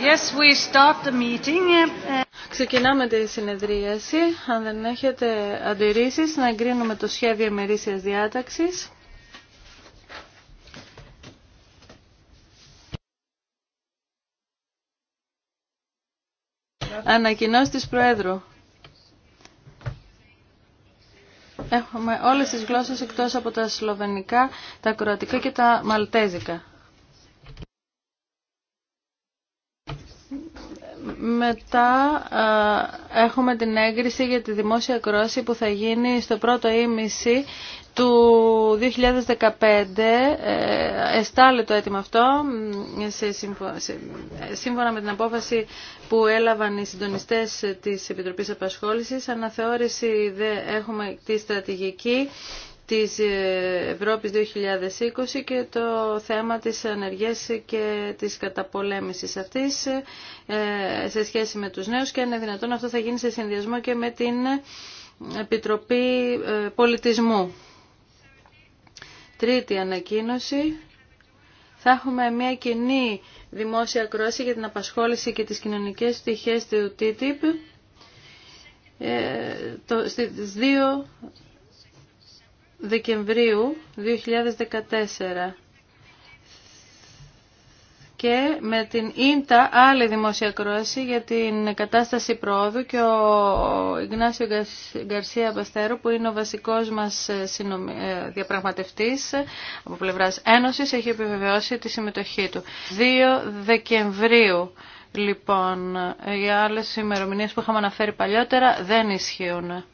Yes, we start the meeting. Ξεκινάμε τη συνεδρίαση. Αν δεν έχετε αντιρρήσεις, να εγκρίνουμε το σχέδιο ημερήσιας διάταξης. Ανακοινώσεις της Προέδρου. Έχουμε όλες τις γλώσσες εκτός από τα σλοβενικά, τα κροατικά και τα μαλτέζικα. Μετά ε, έχουμε την έγκριση για τη δημόσια κρόση που θα γίνει στο πρώτο ήμιση του 2015 ε, εστάλει το έτοιμο αυτό σύμφωνα με την απόφαση που έλαβαν οι συντονιστές της Επιτροπής Απασχόλησης. Αναθεώρηση δε έχουμε τη στρατηγική της ε, Ευρώπης 2020 και το θέμα της ανεργίας και της καταπολέμησης αυτής ε, σε σχέση με τους νέους και αν είναι δυνατόν αυτό θα γίνει σε συνδυασμό και με την Επιτροπή ε, Πολιτισμού. Τρίτη ανακοίνωση. Θα έχουμε μια κοινή δημόσια κρόση για την απασχόληση και τις κοινωνικές στοιχές του TTIP το, στις Δεκεμβρίου 2014 και με την ΙΝΤΑ άλλη δημόσια κρόαση για την κατάσταση πρόοδου και ο Ιγνάσιο Γκαρσία Μπαστέρο που είναι ο βασικός μας ε, ε, διαπραγματευτής από πλευράς Ένωσης έχει επιβεβαιώσει τη συμμετοχή του. 2 Δεκεμβρίου λοιπόν οι ε, άλλες ημερομηνίες που είχαμε αναφέρει παλιότερα δεν ισχύουν.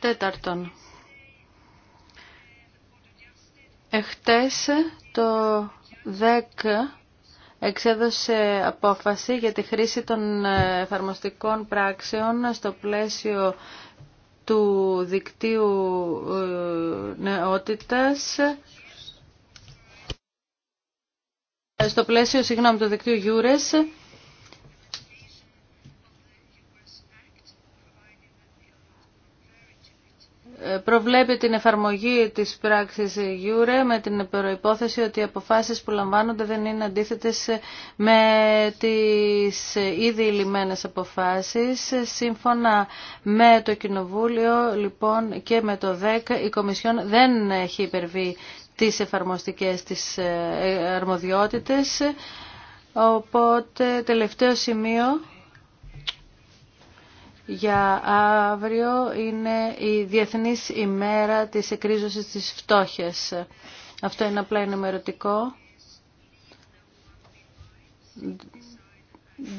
Τέταρτον, εχτες το ΔΕΚ εξέδωσε απόφαση για τη χρήση των εφαρμοστικών πράξεων στο πλαίσιο του δικτύου ε, νεότητας στο πλαίσιο, συγγνώμη, του δικτύου Γιούρες προβλέπει την εφαρμογή της πράξης Γιούρε με την προϋπόθεση ότι οι αποφάσεις που λαμβάνονται δεν είναι αντίθετες με τις ήδη λιμένες αποφάσεις. Σύμφωνα με το Κοινοβούλιο λοιπόν και με το ΔΕΚ η Κομισιόν δεν έχει υπερβεί τις εφαρμοστικές της ε, αρμοδιότητες. Οπότε τελευταίο σημείο για αύριο είναι η Διεθνής ημέρα της εκρίζωσης της φτώχειας. Αυτό είναι απλά ενημερωτικό.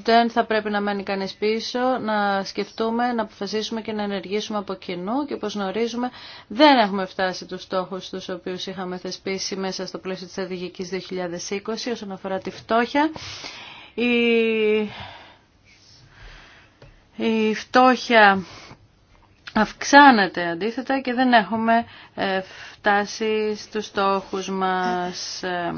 Δεν θα πρέπει να μένει κανείς πίσω, να σκεφτούμε, να αποφασίσουμε και να ενεργήσουμε από κοινού και όπως γνωρίζουμε δεν έχουμε φτάσει τους στόχους τους οποίους είχαμε θεσπίσει μέσα στο πλαίσιο της Αδηγικής 2020 όσον αφορά τη φτώχεια. Η η φτώχεια αυξάνεται αντίθετα και δεν έχουμε ε, φτάσει στους στόχους μας. Ε,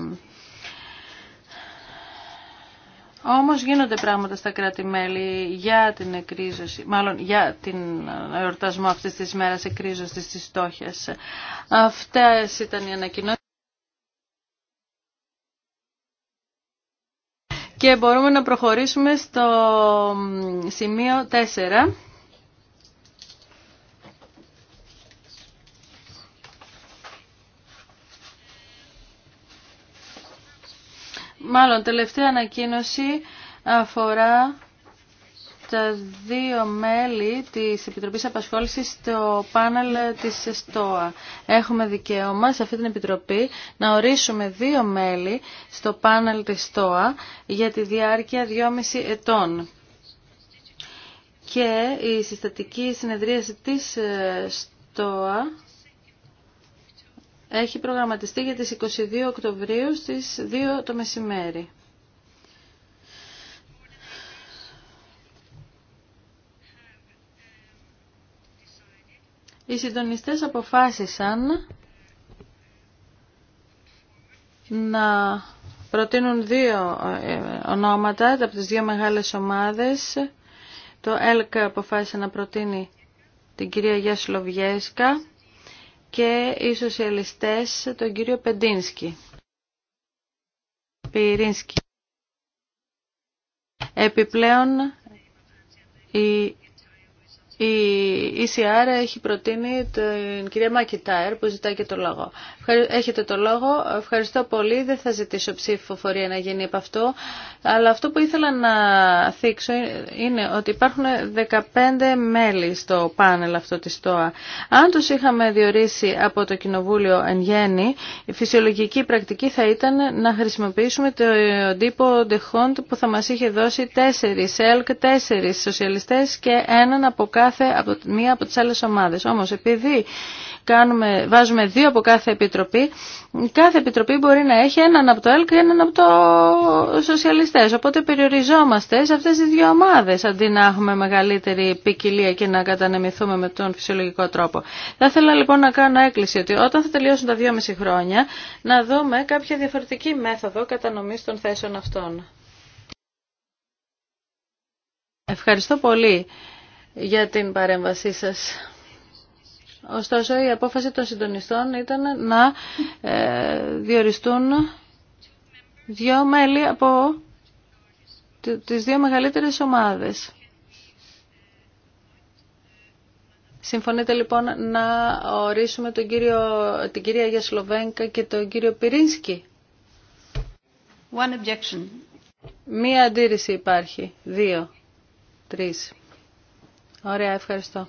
όμως γίνονται πράγματα στα κράτη-μέλη για την εκρίζωση, μάλλον για την εορτασμό αυτής της μέρας εκρίζωσης της στόχιας. Αυτές ήταν οι ανακοινώσεις. Και μπορούμε να προχωρήσουμε στο σημείο 4. Μάλλον τελευταία ανακοίνωση αφορά τα δύο μέλη της Επιτροπής Απασχόλησης στο πάνελ της ΣΤΟΑ. Έχουμε δικαίωμα σε αυτή την Επιτροπή να ορίσουμε δύο μέλη στο πάνελ της ΣΤΟΑ για τη διάρκεια 2,5 ετών. Και η συστατική συνεδρίαση της ΣΤΟΑ έχει προγραμματιστεί για τις 22 Οκτωβρίου στις 2 το μεσημέρι. οι συντονιστές αποφάσισαν να προτείνουν δύο ε, ονόματα από τις δύο μεγάλες ομάδες. Το ΕΛΚ αποφάσισε να προτείνει την κυρία Γιάσλοβιέσκα και οι σοσιαλιστές τον κύριο Πεντίνσκι. Επιπλέον η η ECR έχει προτείνει την κυρία Μακιτάερ που ζητάει και το λόγο. Έχετε το λόγο. Ευχαριστώ πολύ. Δεν θα ζητήσω ψηφοφορία να γίνει από αυτό. Αλλά αυτό που ήθελα να θίξω είναι ότι υπάρχουν 15 μέλη στο πάνελ αυτό της ΤΟΑ. Αν τους είχαμε διορίσει από το Κοινοβούλιο εν γέννη, η φυσιολογική πρακτική θα ήταν να χρησιμοποιήσουμε το τύπο Ντεχόντ που θα μας είχε δώσει τέσσερις ΕΛΚ, τέσσερις σοσιαλιστές και έναν από κάθε κάθε από, μία από τις άλλες ομάδες. Όμως επειδή κάνουμε, βάζουμε δύο από κάθε επιτροπή, κάθε επιτροπή μπορεί να έχει έναν από το ΕΛΚ και έναν από το σοσιαλιστές. Οπότε περιοριζόμαστε σε αυτές τις δύο ομάδες αντί να έχουμε μεγαλύτερη ποικιλία και να κατανεμηθούμε με τον φυσιολογικό τρόπο. Θα ήθελα λοιπόν να κάνω έκκληση ότι όταν θα τελειώσουν τα μισή χρόνια να δούμε κάποια διαφορετική μέθοδο κατανομής των θέσεων αυτών. Ευχαριστώ πολύ για την παρέμβασή σας. Ωστόσο, η απόφαση των συντονιστών ήταν να ε, διοριστούν δύο μέλη από τις δύο μεγαλύτερες ομάδες. Συμφωνείτε λοιπόν να ορίσουμε τον κύριο, την κυρία Γιασλοβένκα και τον κύριο Πυρίνσκι. Μία αντίρρηση υπάρχει. Δύο. Τρεις. Ωραία, ευχαριστώ.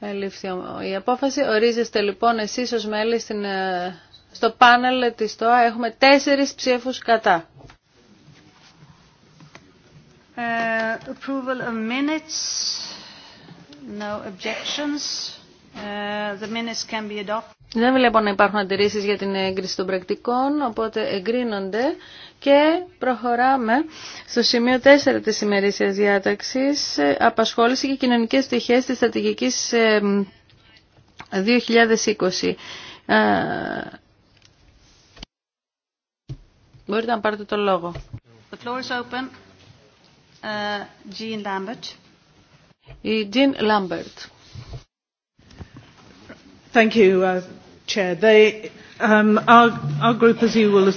Ελήφθη η απόφαση. Ορίζεστε λοιπόν εσείς ως μέλη ε, στο πάνελ της ΤΟΑ. Έχουμε τέσσερις ψήφους κατά. Uh, approval of minutes. No objections. Ε, Δεν βλέπω να υπάρχουν αντιρρήσεις για την έγκριση των πρακτικών, οπότε εγκρίνονται και προχωράμε στο σημείο 4 της ημερήσιας διάταξης, ε, απασχόληση και κοινωνικές στοιχείες της στρατηγικής 2020. Ε, μπορείτε να πάρετε το λόγο. Η Jean Lambert. Σα uh, um,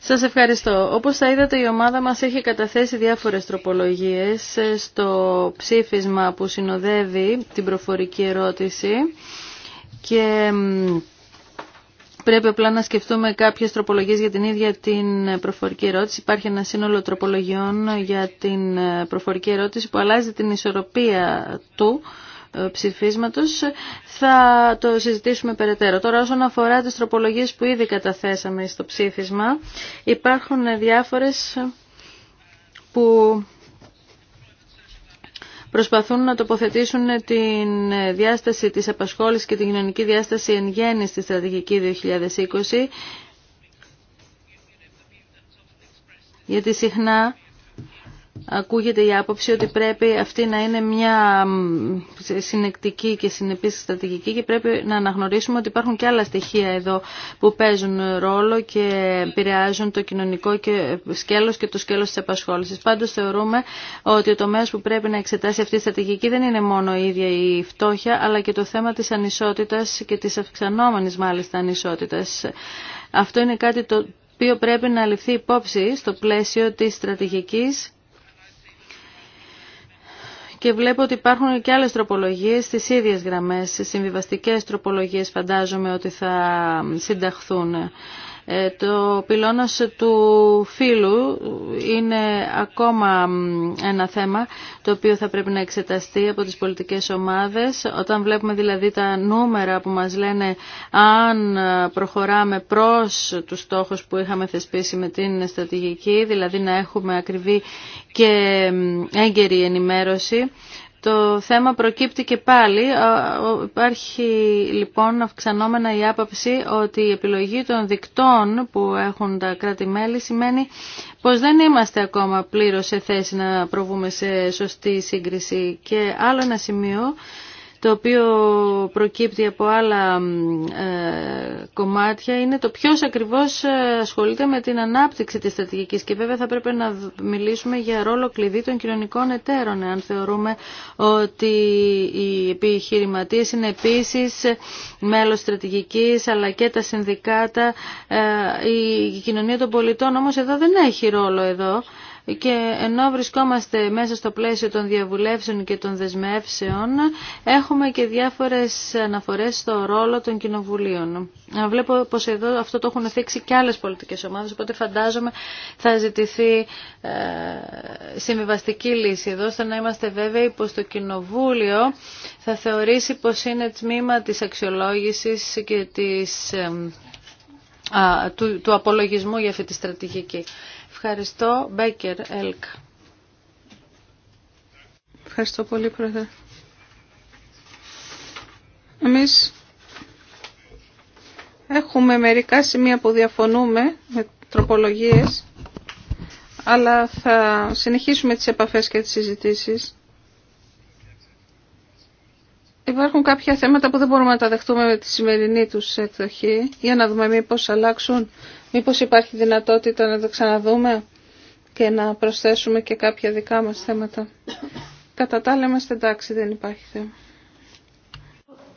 Σας ευχαριστώ. Όπως θα είδατε η ομάδα μας έχει καταθέσει διάφορες τροπολογίες ε, στο ψήφισμα που συνοδεύει την προφορική ερώτηση και πρέπει απλά να σκεφτούμε κάποιες τροπολογίες για την ίδια την ε, προφορική ερώτηση. Υπάρχει ένα σύνολο τροπολογιών για την ε, προφορική ερώτηση που αλλάζει την ισορροπία του ε, ψηφίσματος θα το συζητήσουμε περαιτέρω. Τώρα όσον αφορά τις τροπολογίες που ήδη καταθέσαμε στο ψήφισμα υπάρχουν διάφορες που προσπαθούν να τοποθετήσουν την διάσταση της απασχόλησης και την κοινωνική διάσταση εν γέννη στη στρατηγική 2020 γιατί συχνά ακούγεται η άποψη ότι πρέπει αυτή να είναι μια συνεκτική και συνεπής στρατηγική και πρέπει να αναγνωρίσουμε ότι υπάρχουν και άλλα στοιχεία εδώ που παίζουν ρόλο και επηρεάζουν το κοινωνικό και σκέλος και το σκέλος της επασχόλησης. Πάντως θεωρούμε ότι ο τομέας που πρέπει να εξετάσει αυτή η στρατηγική δεν είναι μόνο η ίδια η φτώχεια αλλά και το θέμα της ανισότητας και της αυξανόμενης μάλιστα ανισότητας. Αυτό είναι κάτι το οποίο πρέπει να ληφθεί υπόψη στο πλαίσιο της στρατηγικής και βλέπω ότι υπάρχουν και άλλες τροπολογίες στις ίδιες γραμμές, συμβιβαστικές τροπολογίες φαντάζομαι ότι θα συνταχθούν. Ε, το πυλώνος του φίλου είναι ακόμα ένα θέμα το οποίο θα πρέπει να εξεταστεί από τις πολιτικές ομάδες. Όταν βλέπουμε δηλαδή τα νούμερα που μας λένε αν προχωράμε προς τους στόχους που είχαμε θεσπίσει με την στρατηγική, δηλαδή να έχουμε ακριβή και έγκαιρη ενημέρωση, το θέμα προκύπτει και πάλι. Υπάρχει λοιπόν αυξανόμενα η άποψη ότι η επιλογή των δικτών που έχουν τα κράτη-μέλη σημαίνει πως δεν είμαστε ακόμα πλήρως σε θέση να προβούμε σε σωστή σύγκριση. Και άλλο ένα σημείο το οποίο προκύπτει από άλλα ε, κομμάτια είναι το ποιος ακριβώς ε, ασχολείται με την ανάπτυξη της στρατηγικής και βέβαια θα πρέπει να μιλήσουμε για ρόλο κλειδί των κοινωνικών εταίρων αν θεωρούμε ότι οι επιχειρηματίες είναι επίσης μέλος στρατηγικής αλλά και τα συνδικάτα ε, η κοινωνία των πολιτών όμως εδώ δεν έχει ρόλο εδώ και ενώ βρισκόμαστε μέσα στο πλαίσιο των διαβουλεύσεων και των δεσμεύσεων έχουμε και διάφορες αναφορές στο ρόλο των κοινοβουλίων. Βλέπω πως εδώ αυτό το έχουν θέξει και άλλες πολιτικές ομάδες οπότε φαντάζομαι θα ζητηθεί ε, συμβιβαστική λύση εδώ ώστε να είμαστε βέβαιοι πως το κοινοβούλιο θα θεωρήσει πως είναι τμήμα της αξιολόγησης και της, ε, του, του απολογισμού για αυτή τη στρατηγική. Ευχαριστώ. Μπέκερ, Ελκ. Ευχαριστώ πολύ, Πρόεδρε. Εμείς έχουμε μερικά σημεία που διαφωνούμε με τροπολογίες, αλλά θα συνεχίσουμε τις επαφές και τις συζητήσεις. Υπάρχουν κάποια θέματα που δεν μπορούμε να τα δεχτούμε με τη σημερινή τους εκδοχή. Για να δούμε μήπως αλλάξουν, μήπως υπάρχει δυνατότητα να τα ξαναδούμε και να προσθέσουμε και κάποια δικά μας θέματα. Κατά τα άλλα είμαστε εντάξει, δεν υπάρχει θέμα.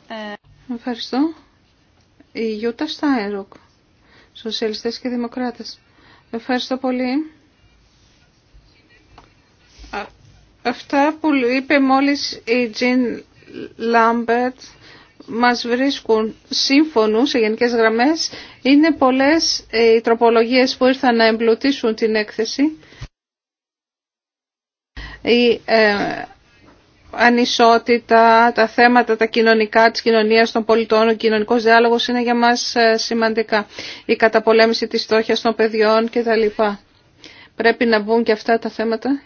Ε... Ευχαριστώ. Η Γιούτα Στάιροκ, Σοσιαλιστές και Δημοκράτες. Ευχαριστώ πολύ. Αυτά που είπε μόλις η Τζιν Λάμπερτ μας βρίσκουν σύμφωνους σε γενικές γραμμές. Είναι πολλές ε, οι τροπολογίες που ήρθαν να εμπλουτίσουν την έκθεση. Η ε, ανισότητα, τα θέματα, τα κοινωνικά της κοινωνίας των πολιτών, ο κοινωνικός διάλογος είναι για μας ε, σημαντικά. Η καταπολέμηση της στόχιας των παιδιών κτλ. Πρέπει να μπουν και αυτά τα θέματα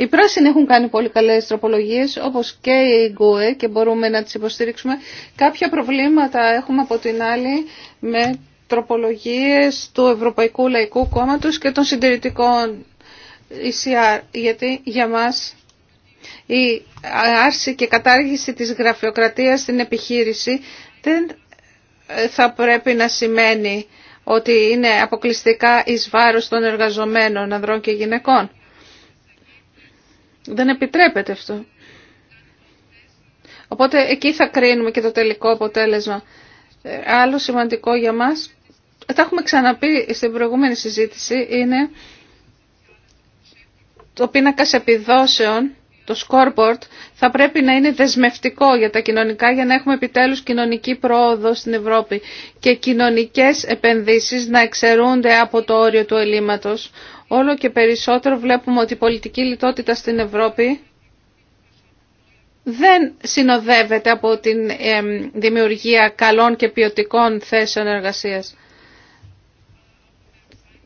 Οι πράσινοι έχουν κάνει πολύ καλές τροπολογίες, όπως και η και μπορούμε να τις υποστηρίξουμε. Κάποια προβλήματα έχουμε από την άλλη με τροπολογίες του Ευρωπαϊκού Λαϊκού Κόμματος και των συντηρητικών ECR, γιατί για μας η άρση και κατάργηση της γραφειοκρατίας στην επιχείρηση δεν ε, θα πρέπει να σημαίνει ότι είναι αποκλειστικά εις βάρος των εργαζομένων ανδρών και γυναικών. Δεν επιτρέπεται αυτό. Οπότε εκεί θα κρίνουμε και το τελικό αποτέλεσμα. Ε, άλλο σημαντικό για μας, τα έχουμε ξαναπεί στην προηγούμενη συζήτηση, είναι το πίνακα επιδόσεων, το scoreboard, θα πρέπει να είναι δεσμευτικό για τα κοινωνικά για να έχουμε επιτέλους κοινωνική πρόοδο στην Ευρώπη και κοινωνικές επενδύσεις να εξαιρούνται από το όριο του ελλείμματος, Όλο και περισσότερο βλέπουμε ότι η πολιτική λιτότητα στην Ευρώπη δεν συνοδεύεται από τη δημιουργία καλών και ποιοτικών θέσεων εργασίας.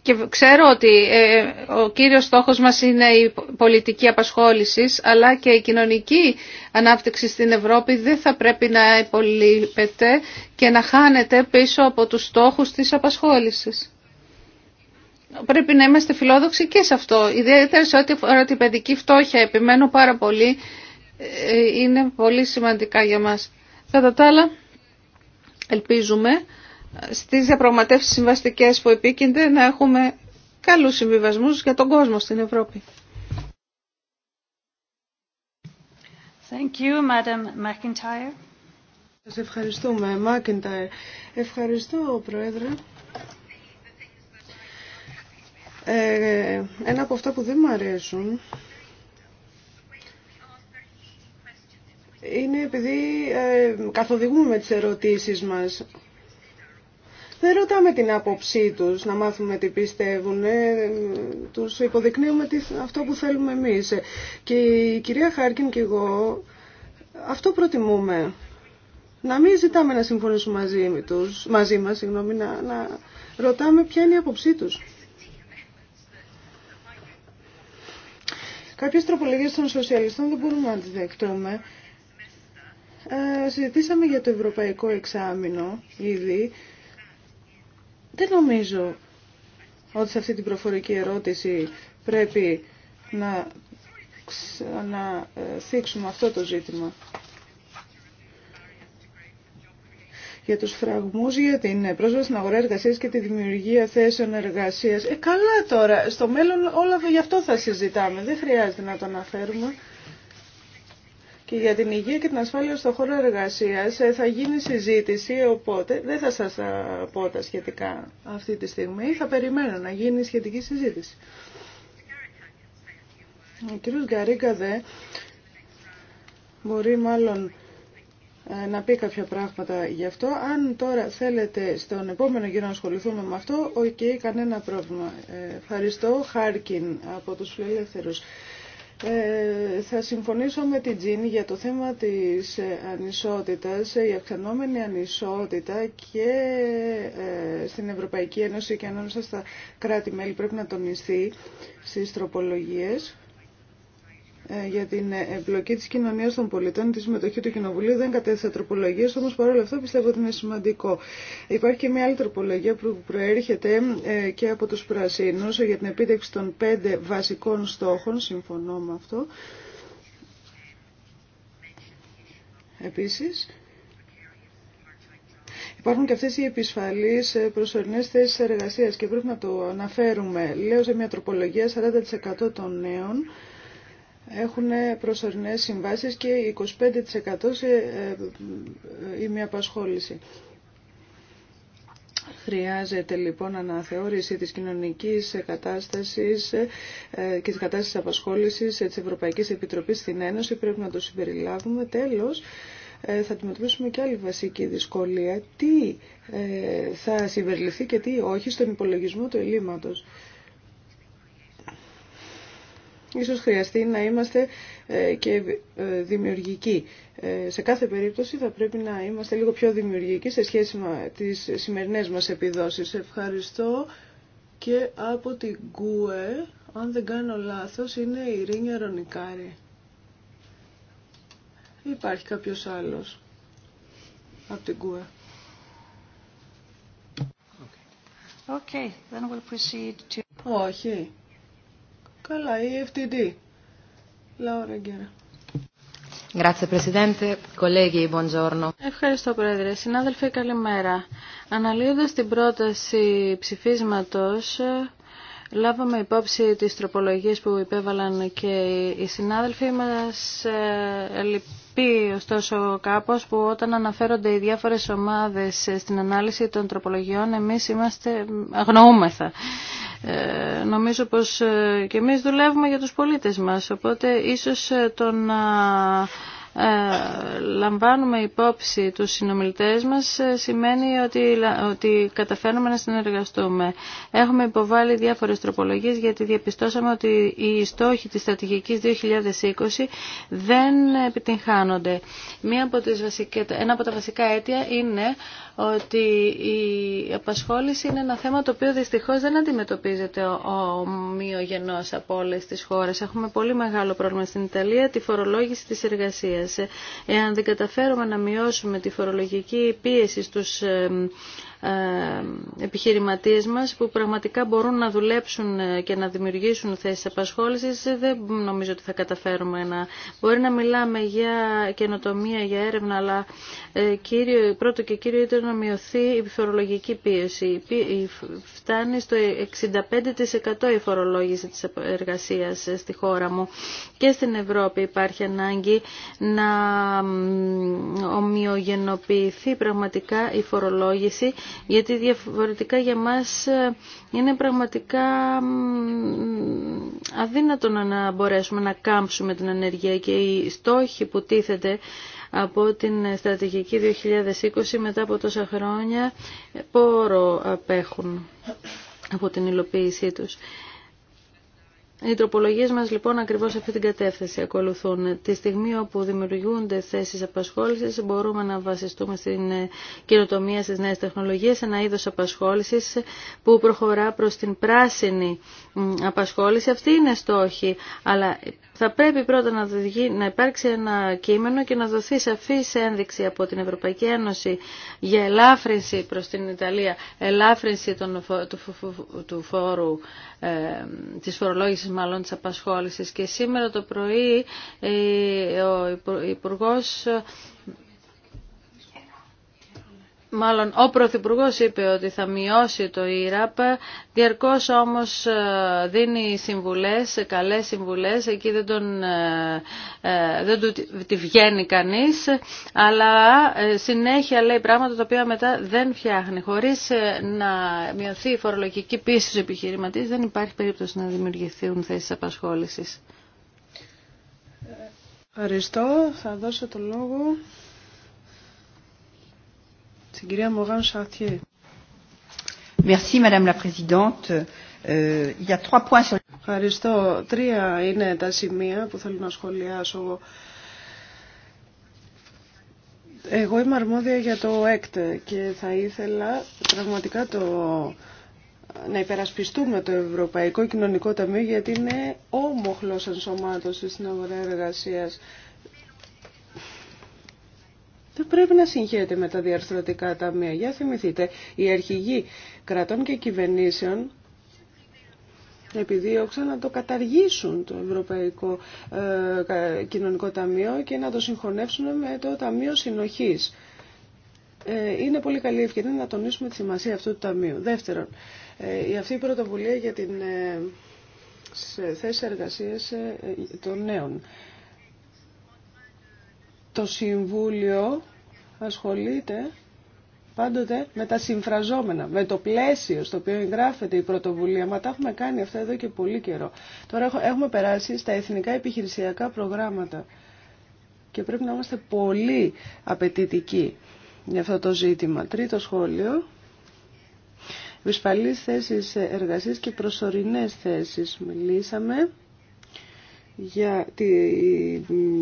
Και ξέρω ότι ε, ε, ο κύριος στόχος μας είναι η πολιτική απασχόληση, αλλά και η κοινωνική ανάπτυξη στην Ευρώπη δεν θα πρέπει να υπολείπεται και να χάνεται πίσω από τους στόχους της απασχόλησης πρέπει να είμαστε φιλόδοξοι και σε αυτό. Ιδιαίτερα σε ό,τι αφορά την παιδική φτώχεια, επιμένω πάρα πολύ, ε, είναι πολύ σημαντικά για μας. Κατά τα άλλα, ελπίζουμε ε, στις διαπραγματεύσεις συμβαστικές που επίκυνται να έχουμε καλούς συμβιβασμούς για τον κόσμο στην Ευρώπη. Thank ευχαριστούμε, McIntyre. Ευχαριστώ, Πρόεδρε. Ε, ένα από αυτά που δεν μου αρέσουν είναι επειδή ε, καθοδηγούμε τις ερωτήσεις μας. Δεν ρωτάμε την άποψή τους, να μάθουμε τι πιστεύουν, ε, τους υποδεικνύουμε τι, αυτό που θέλουμε εμείς. Και η κυρία Χάρκιν και εγώ αυτό προτιμούμε. Να μην ζητάμε να συμφωνήσουμε μαζί, τους, μαζί μας, συγγνώμη, να, να ρωτάμε ποια είναι η άποψή τους. Κάποιε τροπολογίε των σοσιαλιστών δεν μπορούμε να τις δεχτούμε. Ε, συζητήσαμε για το ευρωπαϊκό εξάμεινο ήδη. Δεν νομίζω ότι σε αυτή την προφορική ερώτηση πρέπει να ε, θίξουμε αυτό το ζήτημα. για τους φραγμούς, για την πρόσβαση στην αγορά εργασίας και τη δημιουργία θέσεων εργασίας. Ε, καλά τώρα, στο μέλλον όλα γι' αυτό θα συζητάμε, δεν χρειάζεται να το αναφέρουμε. Και για την υγεία και την ασφάλεια στον χώρο εργασίας ε, θα γίνει συζήτηση, οπότε δεν θα σας πω τα σχετικά αυτή τη στιγμή. Θα περιμένω να γίνει σχετική συζήτηση. Ο κύριος Γκαρίκα, μπορεί μάλλον ε, να πει κάποια πράγματα γι' αυτό. Αν τώρα θέλετε στον επόμενο γύρο να ασχοληθούμε με αυτό, οκ, κανένα πρόβλημα. Ε, ευχαριστώ, Χάρκιν, από τους φιλελεύθερους. Ε, θα συμφωνήσω με την Τζίν για το θέμα της ε, ανισότητας, η αυξανόμενη ανισότητα και στην Ευρωπαϊκή Ένωση και ανάμεσα στα κράτη-μέλη πρέπει να τονιστεί στις τροπολογίες. Ε, για την εμπλοκή της κοινωνίας των πολιτών, τη συμμετοχή του Κοινοβουλίου. Δεν κατέθεσα τροπολογίες, όμως παρόλα αυτό πιστεύω ότι είναι σημαντικό. Υπάρχει και μια άλλη τροπολογία που προέρχεται ε, και από τους πρασίνους για την επίτευξη των πέντε βασικών στόχων, συμφωνώ με αυτό. Επίσης, Υπάρχουν και αυτές οι επισφαλείς ε, προσωρινές θέσεις εργασίας και πρέπει να το αναφέρουμε. Λέω σε μια τροπολογία 40% των νέων έχουν προσωρινές συμβάσεις και 25% σε ε, ε, ημιαπασχόληση. Χρειάζεται λοιπόν αναθεώρηση της κοινωνικής κατάστασης ε, και της κατάστασης απασχόλησης της Ευρωπαϊκής Επιτροπής στην Ένωση. Πρέπει να το συμπεριλάβουμε. Τέλος, θα αντιμετωπίσουμε και άλλη βασική δυσκολία. Τι θα συμπεριληφθεί και τι όχι στον υπολογισμό του ελλείμματος. Ίσως χρειαστεί να είμαστε ε, και ε, δημιουργικοί. Ε, σε κάθε περίπτωση θα πρέπει να είμαστε λίγο πιο δημιουργικοί σε σχέση με τις σημερινές μας επιδόσεις. Ευχαριστώ και από την ΚΟΕ, αν δεν κάνω λάθος, είναι η Ρίνια Ρονικάρη. Υπάρχει κάποιος άλλος από την ΚΟΕ. Okay. then proceed to... Όχι. Καλά, η FTD. Λαόρα Γκέρα. Ευχαριστώ, Πρόεδρε. Συνάδελφοι, καλημέρα. Αναλύοντας την πρόταση ψηφίσματος, λάβαμε υπόψη τις τροπολογίες που υπέβαλαν και οι συνάδελφοι μας. Ε, λυπεί ωστόσο κάπως που όταν αναφέρονται οι διάφορες ομάδες στην ανάλυση των τροπολογιών, εμείς είμαστε αγνοούμεθα. Ε, νομίζω πως ε, και εμείς δουλεύουμε για τους πολίτες μας, οπότε ίσως ε, το να λαμβάνουμε υπόψη τους συνομιλητές μας σημαίνει ότι, ότι καταφέρνουμε να συνεργαστούμε. Έχουμε υποβάλει διάφορες τροπολογίες γιατί διαπιστώσαμε ότι οι στόχοι της στρατηγικής 2020 δεν επιτυγχάνονται. Μία από τις βασικές, ένα από τα βασικά αίτια είναι ότι η απασχόληση είναι ένα θέμα το οποίο δυστυχώς δεν αντιμετωπίζεται ομοιογενώς από όλε τις χώρες. Έχουμε πολύ μεγάλο πρόβλημα στην Ιταλία, τη φορολόγηση της εργασίας. Εάν δεν καταφέρουμε να μειώσουμε τη φορολογική πίεση στους ε, επιχειρηματίες μας που πραγματικά μπορούν να δουλέψουν ε, και να δημιουργήσουν θέσεις απασχόλησης δεν νομίζω ότι θα καταφέρουμε να μπορεί να μιλάμε για καινοτομία, για έρευνα αλλά ε, κύριο, πρώτο και κύριο ήταν να μειωθεί η φορολογική πίεση φτάνει στο 65% η φορολόγηση της εργασίας στη χώρα μου και στην Ευρώπη υπάρχει ανάγκη να ομοιογενοποιηθεί πραγματικά η φορολόγηση γιατί διαφορετικά για μας ε, είναι πραγματικά αδύνατο να μπορέσουμε να κάμψουμε την ανεργία και οι στόχοι που τίθεται από την στρατηγική 2020 μετά από τόσα χρόνια ε, πόρο απέχουν από την υλοποίησή τους. Οι τροπολογίες μας λοιπόν ακριβώς αυτή την κατεύθυνση ακολουθούν. Τη στιγμή όπου δημιουργούνται θέσεις απασχόλησης μπορούμε να βασιστούμε στην ε, καινοτομία στις νέες τεχνολογίες, ένα είδος απασχόλησης που προχωρά προς την πράσινη απασχόληση. Αυτή είναι στόχη, αλλά θα πρέπει πρώτα να, δει, να υπάρξει ένα κείμενο και να δοθεί σαφή ένδειξη από την Ευρωπαϊκή Ένωση για ελάφρυνση προς την Ιταλία, ελάφρυνση του φόρου ε, της φορολόγησης μάλλον της απασχόλησης. Και σήμερα το πρωί ε, ο Υπουργός μάλλον ο Πρωθυπουργό είπε ότι θα μειώσει το ΙΡΑΠ, διαρκώς όμως ε, δίνει συμβουλές, καλές συμβουλές, εκεί δεν, τον, ε, ε, δεν του τη βγαίνει κανείς, αλλά συνέχεια λέει πράγματα τα οποία μετά δεν φτιάχνει. Χωρίς να μειωθεί η φορολογική πίστη του επιχειρηματίες δεν υπάρχει περίπτωση να δημιουργηθούν θέσεις απασχόλησης. Ευχαριστώ. Θα δώσω το λόγο την κυρία Σαρτιέ. Ευχαριστώ. Τρία είναι τα σημεία που θέλω να σχολιάσω. Εγώ είμαι αρμόδια για το ΕΚΤ και θα ήθελα πραγματικά το... να υπερασπιστούμε το Ευρωπαϊκό Κοινωνικό Ταμείο γιατί είναι όμοχλος ενσωμάτωση στην αγορά εργασίας δεν πρέπει να συγχαίρεται με τα διαρθρωτικά ταμεία. Για θυμηθείτε, οι αρχηγοί κρατών και κυβερνήσεων επιδίωξαν να το καταργήσουν το Ευρωπαϊκό ε, Κοινωνικό Ταμείο και να το συγχωνεύσουν με το Ταμείο Συνοχής. Ε, είναι πολύ καλή ευκαιρία να τονίσουμε τη σημασία αυτού του ταμείου. Δεύτερον, ε, αυτή η πρωτοβουλία για την ε, εργασίας ε, των νέων το Συμβούλιο ασχολείται πάντοτε με τα συμφραζόμενα, με το πλαίσιο στο οποίο εγγράφεται η πρωτοβουλία. Μα τα έχουμε κάνει αυτά εδώ και πολύ καιρό. Τώρα έχουμε περάσει στα εθνικά επιχειρησιακά προγράμματα και πρέπει να είμαστε πολύ απαιτητικοί για αυτό το ζήτημα. Τρίτο σχόλιο. Βυσπαλείς θέσεις εργασίας και προσωρινές θέσεις. Μιλήσαμε για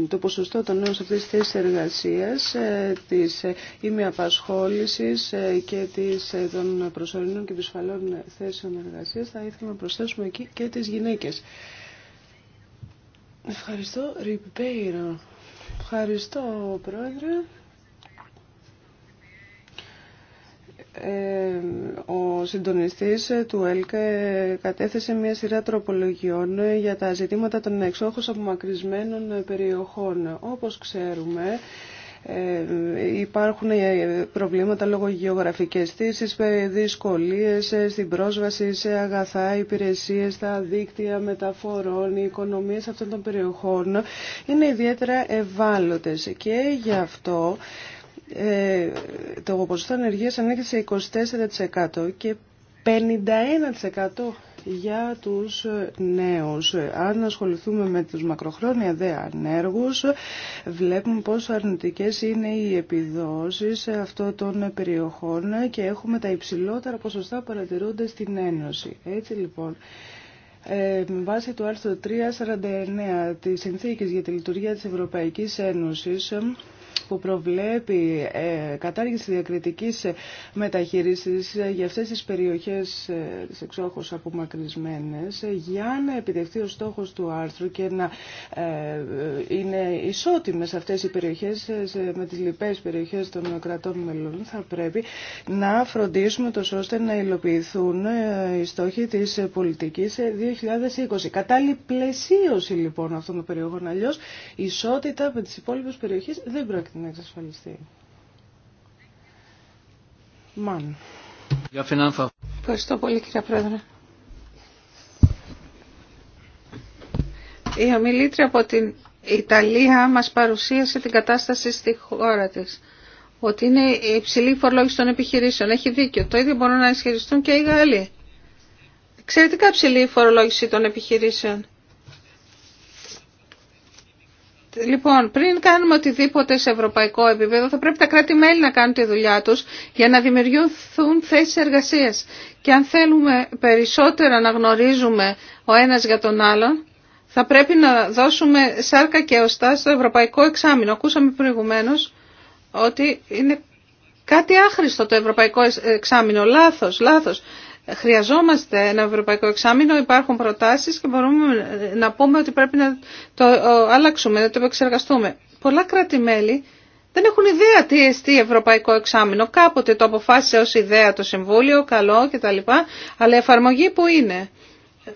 το ποσοστό των νέων σε αυτές τις θέσεις εργασίας, ε, της ε, ημιαπασχόλησης ε, και της, των προσωρινών και επισφαλών θέσεων εργασίας, θα ήθελα να προσθέσουμε εκεί και τις γυναίκες. Ευχαριστώ, Ριππέιρο. Ευχαριστώ, Πρόεδρε. ο συντονιστής του ΕΛΚ κατέθεσε μια σειρά τροπολογιών για τα ζητήματα των εξόχων απομακρυσμένων περιοχών. Όπως ξέρουμε, ε, υπάρχουν προβλήματα λόγω γεωγραφικές στήσεις, δυσκολίες στην πρόσβαση σε αγαθά, υπηρεσίες, τα δίκτυα μεταφορών, οι οικονομίες αυτών των περιοχών είναι ιδιαίτερα ευάλωτες και γι' αυτό ε, το ποσοστό ανεργίας ανέχει σε 24% και 51% για τους νέους. Αν ασχοληθούμε με τους μακροχρόνια δε ανέργους, βλέπουμε πόσο αρνητικές είναι οι επιδόσεις αυτό των περιοχών και έχουμε τα υψηλότερα ποσοστά παρατηρούνται στην Ένωση. Έτσι λοιπόν, ε, με βάση του άρθρου 349 της Συνθήκης για τη Λειτουργία της Ευρωπαϊκής Ένωσης, που προβλέπει ε, κατάργηση διακριτικής ε, μεταχείρισης ε, για αυτές τις περιοχές τις απομακρυσμένε, απομακρυσμένες για να επιτευχθεί ο στόχος του άρθρου και να είναι ισότιμες αυτές οι περιοχές με τις λοιπές περιοχές των κρατών μελών θα πρέπει να φροντίσουμε το ώστε να υλοποιηθούν οι στόχοι της πολιτικής 2020. Κατάλληλη πλαισίωση λοιπόν αυτών των περιοχών. Αλλιώς ισότητα με τις υπόλοιπες περιοχές δεν πρόκειται να εξασφαλιστεί. Ευχαριστώ πολύ κύριε Πρόεδρε. Η ομιλήτρια από την Ιταλία μας παρουσίασε την κατάσταση στη χώρα της. Ότι είναι η φορολόγηση των επιχειρήσεων. Έχει δίκιο. Το ίδιο μπορούν να ισχυριστούν και οι Γάλλοι. Εξαιρετικά ψηλή η φορολόγηση των επιχειρήσεων. Λοιπόν, πριν κάνουμε οτιδήποτε σε ευρωπαϊκό επίπεδο, θα πρέπει τα κράτη-μέλη να κάνουν τη δουλειά τους για να δημιουργηθούν θέσεις εργασίας. Και αν θέλουμε περισσότερα να γνωρίζουμε ο ένας για τον άλλον, θα πρέπει να δώσουμε σάρκα και οστά στο ευρωπαϊκό εξάμεινο. Ακούσαμε προηγουμένω ότι είναι κάτι άχρηστο το ευρωπαϊκό εξάμεινο. Λάθος, λάθος. Χρειαζόμαστε ένα ευρωπαϊκό εξάμεινο, υπάρχουν προτάσεις και μπορούμε να πούμε ότι πρέπει να το ε, αλλάξουμε, να το επεξεργαστούμε. Πολλά κράτη-μέλη δεν έχουν ιδέα τι εστί ευρωπαϊκό εξάμεινο. Κάποτε το αποφάσισε ως ιδέα το Συμβούλιο, καλό κτλ. Αλλά η εφαρμογή που είναι.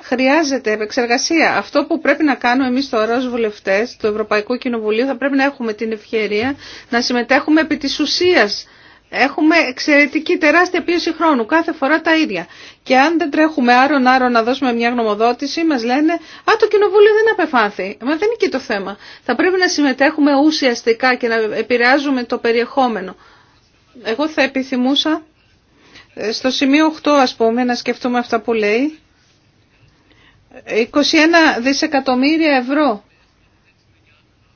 Χρειάζεται επεξεργασία. Αυτό που πρέπει να κάνουμε εμείς τώρα ως βουλευτές του Ευρωπαϊκού Κοινοβουλίου θα πρέπει να έχουμε την ευκαιρία να συμμετέχουμε επί της ουσίας Έχουμε εξαιρετική τεράστια πίεση χρόνου, κάθε φορά τα ίδια. Και αν δεν τρέχουμε άρον άρον να δώσουμε μια γνωμοδότηση, μας λένε «Α, το κοινοβούλιο δεν απεφάνθη». Μα δεν είναι και το θέμα. Θα πρέπει να συμμετέχουμε ουσιαστικά και να επηρεάζουμε το περιεχόμενο. Εγώ θα επιθυμούσα ε, στο σημείο 8 ας πούμε να σκεφτούμε αυτά που λέει. 21 δισεκατομμύρια ευρώ.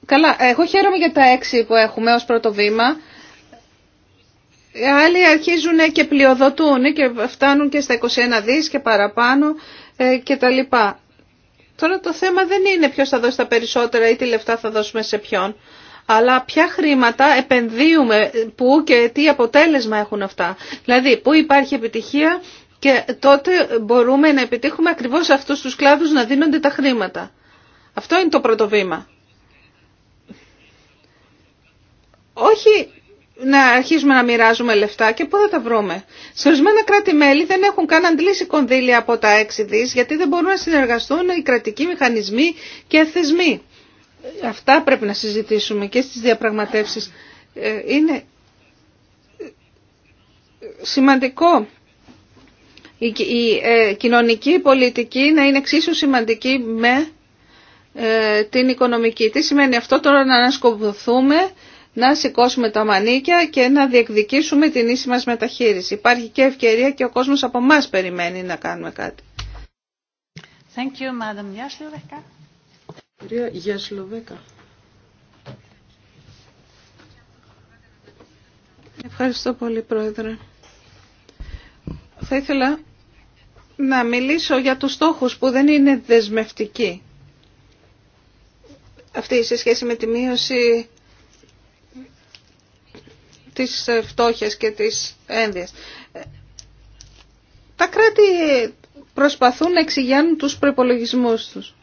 Καλά, εγώ χαίρομαι για τα 6 που έχουμε ως πρώτο βήμα άλλοι αρχίζουν και πλειοδοτούν και φτάνουν και στα 21 δις και παραπάνω ε, και τα λοιπά. Τώρα το θέμα δεν είναι ποιος θα δώσει τα περισσότερα ή τι λεφτά θα δώσουμε σε ποιον, αλλά ποια χρήματα επενδύουμε, πού και τι αποτέλεσμα έχουν αυτά. Δηλαδή, πού υπάρχει επιτυχία και τότε μπορούμε να επιτύχουμε ακριβώς αυτούς τους κλάδους να δίνονται τα χρήματα. Αυτό είναι το πρώτο βήμα. Όχι να αρχίζουμε να μοιράζουμε λεφτά και πού θα τα βρούμε. Σε ορισμένα κράτη-μέλη δεν έχουν καν αντλήσει κονδύλια από τα έξι δις γιατί δεν μπορούν να συνεργαστούν οι κρατικοί μηχανισμοί και θεσμοί. Αυτά πρέπει να συζητήσουμε και στις διαπραγματεύσεις. Ε, είναι σημαντικό η ε, κοινωνική πολιτική να είναι εξίσου σημαντική με ε, την οικονομική. Τι σημαίνει αυτό τώρα να ανασκοπηθούμε να σηκώσουμε τα μανίκια και να διεκδικήσουμε την ίση μας μεταχείριση. Υπάρχει και ευκαιρία και ο κόσμος από εμά περιμένει να κάνουμε κάτι. Thank you, Madam Κυρία Ευχαριστώ πολύ, Πρόεδρε. Θα ήθελα να μιλήσω για τους στόχους που δεν είναι δεσμευτικοί. Αυτή σε σχέση με τη μείωση της ε, φτώχειας και της ένδυας. Τα κράτη προσπαθούν να εξηγιάνουν τους προϋπολογισμούς τους.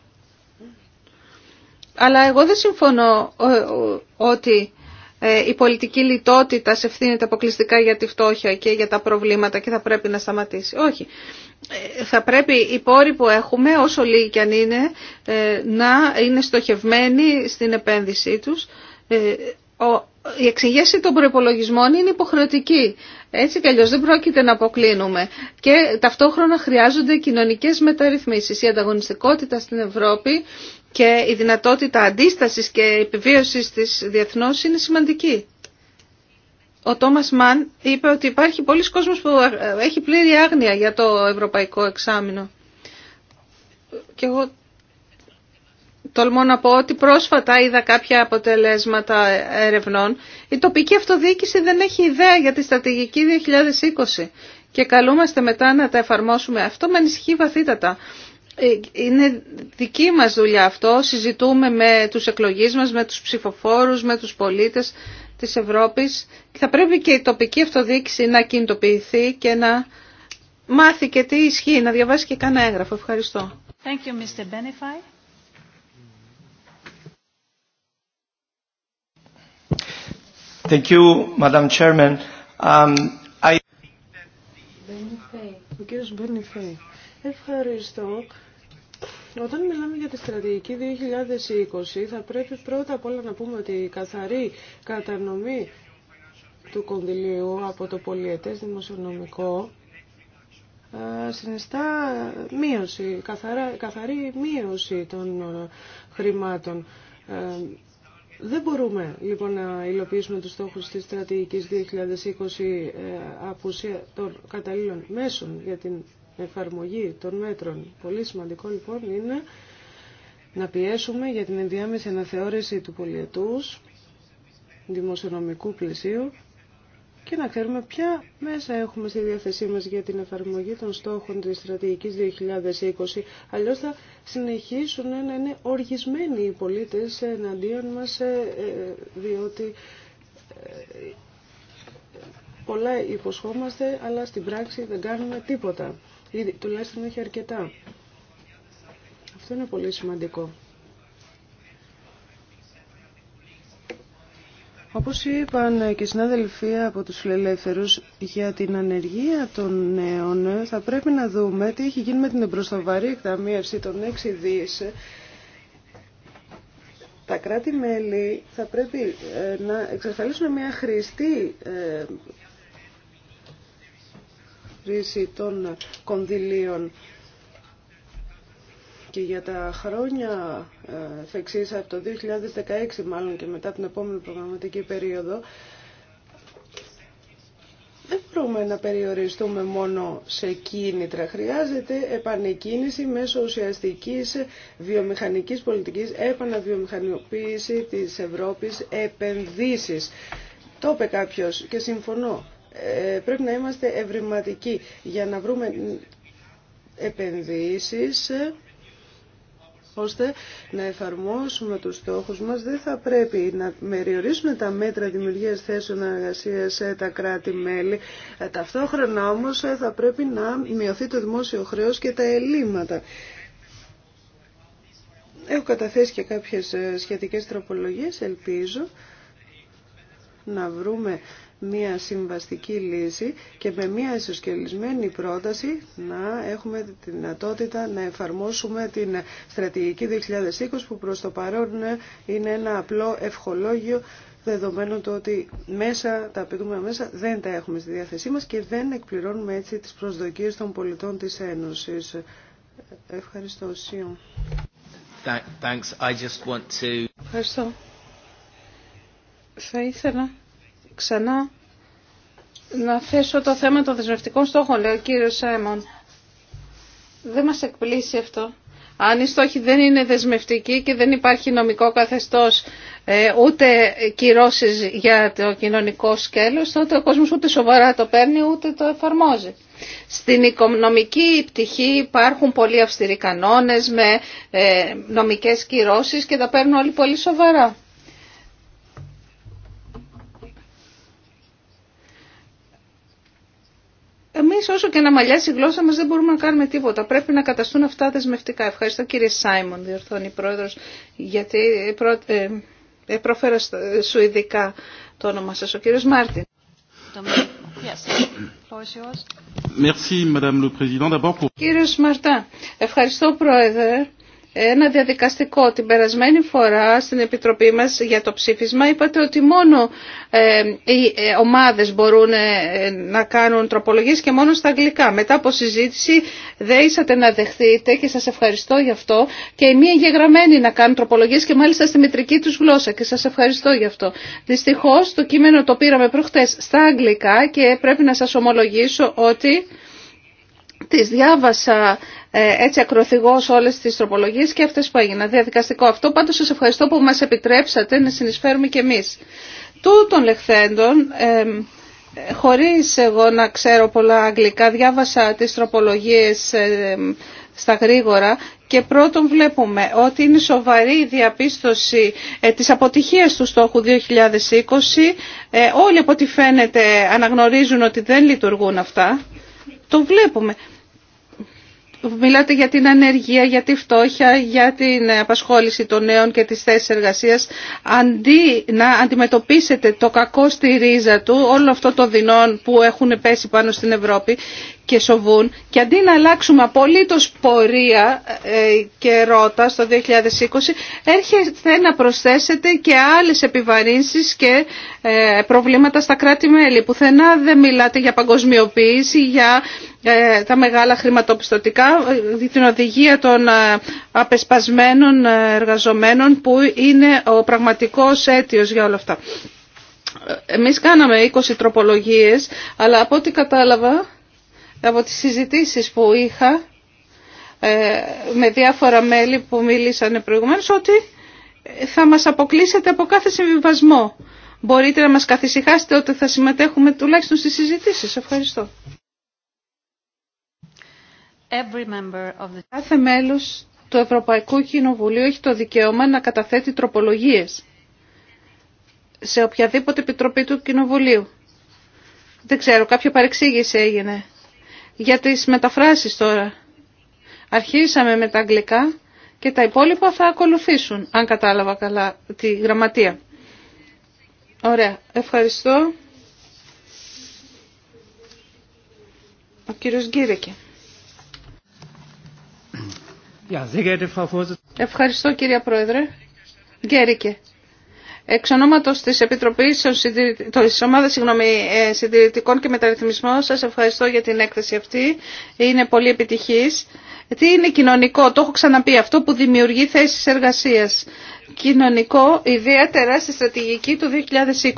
Αλλά εγώ δεν συμφωνώ ε, ότι ε, η πολιτική λιτότητα σε ευθύνεται αποκλειστικά για τη φτώχεια και για τα προβλήματα και θα πρέπει να σταματήσει. Όχι. Θα πρέπει οι πόροι που έχουμε, όσο λίγοι κι αν είναι, να είναι στοχευμένοι στην επένδυσή τους η εξηγέση των προπολογισμών είναι υποχρεωτική. Έτσι κι δεν πρόκειται να αποκλίνουμε. Και ταυτόχρονα χρειάζονται κοινωνικές μεταρρυθμίσεις. Η ανταγωνιστικότητα στην Ευρώπη και η δυνατότητα αντίστασης και επιβίωσης της διεθνώς είναι σημαντική. Ο Τόμας Μαν είπε ότι υπάρχει πολλοί κόσμος που έχει πλήρη άγνοια για το ευρωπαϊκό εξάμεινο. Και εγώ Τολμώ να πω ότι πρόσφατα είδα κάποια αποτελέσματα ερευνών. Η τοπική αυτοδιοίκηση δεν έχει ιδέα για τη στρατηγική 2020 και καλούμαστε μετά να τα εφαρμόσουμε. Αυτό με ανησυχεί βαθύτατα. Ε, είναι δική μας δουλειά αυτό. Συζητούμε με τους εκλογείς μας, με τους ψηφοφόρους, με τους πολίτες της Ευρώπης. Θα πρέπει και η τοπική αυτοδιοίκηση να κινητοποιηθεί και να μάθει και τι ισχύει, να διαβάσει και κανένα έγγραφο. Ευχαριστώ. Thank you, Mr. Thank you, Madam Chairman. Um, I... Ο κύριος Μπενιφέη. Ευχαριστώ. Όταν μιλάμε για τη στρατηγική 2020 θα πρέπει πρώτα απ' όλα να πούμε ότι η καθαρή κατανομή του κονδυλίου από το πολιετές δημοσιονομικό συνιστά μείωση, καθαρά, καθαρή μείωση των ε, χρημάτων. Ε, δεν μπορούμε λοιπόν να υλοποιήσουμε τους στόχους της στρατηγικής 2020 ε, απουσία των καταλλήλων μέσων για την εφαρμογή των μέτρων. Πολύ σημαντικό λοιπόν είναι να πιέσουμε για την ενδιάμεση αναθεώρηση του πολιετούς δημοσιονομικού πλαισίου και να ξέρουμε ποια μέσα έχουμε στη διάθεσή μας για την εφαρμογή των στόχων της στρατηγικής 2020. Αλλιώς θα συνεχίσουν να είναι οργισμένοι οι πολίτες εναντίον μας, ε, ε, διότι ε, πολλά υποσχόμαστε, αλλά στην πράξη δεν κάνουμε τίποτα. Ή τουλάχιστον όχι αρκετά. Αυτό είναι πολύ σημαντικό. Όπως είπαν και συνάδελφοί από τους φιλελεύθερους για την ανεργία των νέων θα πρέπει να δούμε τι έχει γίνει με την εμπροστοβαρή εκταμείευση των 6 δις. Τα κράτη-μέλη θα πρέπει ε, να εξασφαλίσουν μια χρηστή ε, χρήση των κονδυλίων και για τα χρόνια ε, εξής από το 2016 μάλλον και μετά την επόμενη προγραμματική περίοδο δεν μπορούμε να περιοριστούμε μόνο σε κίνητρα. Χρειάζεται επανεκκίνηση μέσω ουσιαστικής βιομηχανικής πολιτικής, επαναβιομηχανιοποίηση της Ευρώπης, επενδύσεις. Το είπε κάποιος και συμφωνώ. Ε, πρέπει να είμαστε ευρηματικοί για να βρούμε επενδύσεις ώστε να εφαρμόσουμε τους στόχους μας δεν θα πρέπει να μεριορίσουμε τα μέτρα δημιουργίας θέσεων εργασία σε τα κράτη-μέλη. Ε, ταυτόχρονα όμως ε, θα πρέπει να μειωθεί το δημόσιο χρέος και τα ελλείμματα. Έχω καταθέσει και κάποιες ε, σχετικές τροπολογίες, ελπίζω να βρούμε μια συμβαστική λύση και με μια ισοσκελισμένη πρόταση να έχουμε τη δυνατότητα να εφαρμόσουμε την στρατηγική 2020 που προς το παρόν είναι ένα απλό ευχολόγιο δεδομένου το ότι μέσα, τα απαιτούμενα μέσα δεν τα έχουμε στη διάθεσή μας και δεν εκπληρώνουμε έτσι τις προσδοκίες των πολιτών της Ένωσης. Ευχαριστώ, Ευχαριστώ. Θα ήθελα ξανά να θέσω το θέμα των δεσμευτικών στόχων, λέει ο κύριος Σάιμον. Δεν μας εκπλήσει αυτό. Αν οι στόχοι δεν είναι δεσμευτικοί και δεν υπάρχει νομικό καθεστώς ε, ούτε κυρώσεις για το κοινωνικό σκέλος, τότε ο κόσμος ούτε σοβαρά το παίρνει ούτε το εφαρμόζει. Στην οικονομική πτυχή υπάρχουν πολύ αυστηροί κανόνες με ε, νομικές κυρώσεις και τα παίρνουν όλοι πολύ σοβαρά. Εμείς όσο και να μαλλιάσει η γλώσσα μας δεν μπορούμε να κάνουμε τίποτα. Πρέπει να καταστούν αυτά δεσμευτικά. Ευχαριστώ κύριε Σάιμον, διορθώνει η πρόεδρος, γιατί προ... ε, ε προφέρα ε, σου ειδικά το όνομα σας, ο κύριο Μάρτιν. Yes. Merci, Κύριος Μαρτά, ευχαριστώ Πρόεδρε ένα διαδικαστικό. Την περασμένη φορά στην Επιτροπή μας για το ψήφισμα είπατε ότι μόνο ε, οι ε, ομάδες μπορούν ε, να κάνουν τροπολογίες και μόνο στα αγγλικά. Μετά από συζήτηση δέησατε να δεχθείτε και σας ευχαριστώ γι' αυτό και οι μη εγγεγραμμένοι να κάνουν τροπολογίες και μάλιστα στη μητρική τους γλώσσα και σας ευχαριστώ γι' αυτό. Δυστυχώς το κείμενο το πήραμε προχτές στα αγγλικά και πρέπει να σας ομολογήσω ότι τις διάβασα ε, έτσι ακροθυγός όλες τις τροπολογίες και αυτές που έγιναν. Διαδικαστικό αυτό. Πάντως σας ευχαριστώ που μας επιτρέψατε να συνεισφέρουμε κι εμείς. των λεχθέντων, χωρίς εγώ να ξέρω πολλά αγγλικά, διάβασα τις τροπολογίες στα γρήγορα και πρώτον βλέπουμε ότι είναι σοβαρή η διαπίστωση ε, της αποτυχίας του στόχου 2020. Ε, όλοι από ό,τι φαίνεται αναγνωρίζουν ότι δεν λειτουργούν αυτά. Το βλέπουμε. Μιλάτε για την ανεργία, για τη φτώχεια, για την απασχόληση των νέων και τις θέσεις εργασίας. Αντί να αντιμετωπίσετε το κακό στη ρίζα του, όλο αυτό το δεινόν που έχουν πέσει πάνω στην Ευρώπη και και αντί να αλλάξουμε απολύτως πορεία ε, και ρότα στο 2020 έρχεται να προσθέσετε και άλλες επιβαρύνσεις και ε, προβλήματα στα κράτη-μέλη. Πουθενά δεν μιλάτε για παγκοσμιοποίηση, για ε, τα μεγάλα χρηματοπιστωτικά, την οδηγία των απεσπασμένων εργαζομένων που είναι ο πραγματικός αίτιος για όλα αυτά. Εμείς κάναμε 20 τροπολογίες, αλλά από ό,τι κατάλαβα από τις συζητήσεις που είχα ε, με διάφορα μέλη που μίλησαν προηγουμένως ότι θα μας αποκλείσετε από κάθε συμβιβασμό. Μπορείτε να μας καθησυχάσετε ότι θα συμμετέχουμε τουλάχιστον στις συζητήσεις. Ευχαριστώ. Every Κάθε μέλος του Ευρωπαϊκού Κοινοβουλίου έχει το δικαίωμα να καταθέτει τροπολογίες σε οποιαδήποτε επιτροπή του Κοινοβουλίου. Δεν ξέρω, κάποια παρεξήγηση έγινε. Για τις μεταφράσεις τώρα. Αρχίσαμε με τα αγγλικά και τα υπόλοιπα θα ακολουθήσουν, αν κατάλαβα καλά, τη γραμματεία. Ωραία. Ευχαριστώ. Ο κύριος Γκύρεκε. Ευχαριστώ κύριε Πρόεδρε. Γκέρικε. Εξ ονόματος της Επιτροπής της Ομάδας ε, Συντηρητικών και Μεταρρυθμισμών σας ευχαριστώ για την έκθεση αυτή. Είναι πολύ επιτυχής. Τι είναι κοινωνικό, το έχω ξαναπεί, αυτό που δημιουργεί θέσεις εργασίας κοινωνικό, ιδιαίτερα στη στρατηγική του 2020.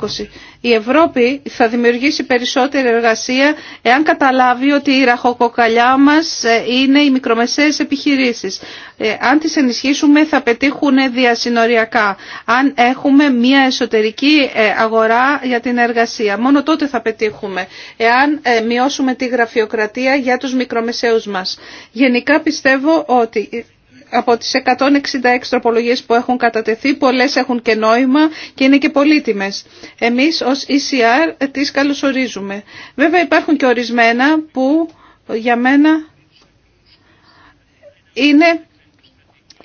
Η Ευρώπη θα δημιουργήσει περισσότερη εργασία εάν καταλάβει ότι η ραχοκοκαλιά μας ε, είναι οι μικρομεσαίες επιχειρήσεις. Ε, αν τις ενισχύσουμε θα πετύχουν διασυνοριακά. Αν έχουμε μια εσωτερική ε, αγορά για την εργασία. Μόνο τότε θα πετύχουμε. Εάν μειώσουμε τη γραφειοκρατία για τους μικρομεσαίους μας. Γενικά πιστεύω ότι από τις 166 τροπολογίες που έχουν κατατεθεί, πολλές έχουν και νόημα και είναι και πολύτιμες. Εμείς ως ECR τις καλωσορίζουμε. Βέβαια υπάρχουν και ορισμένα που για μένα είναι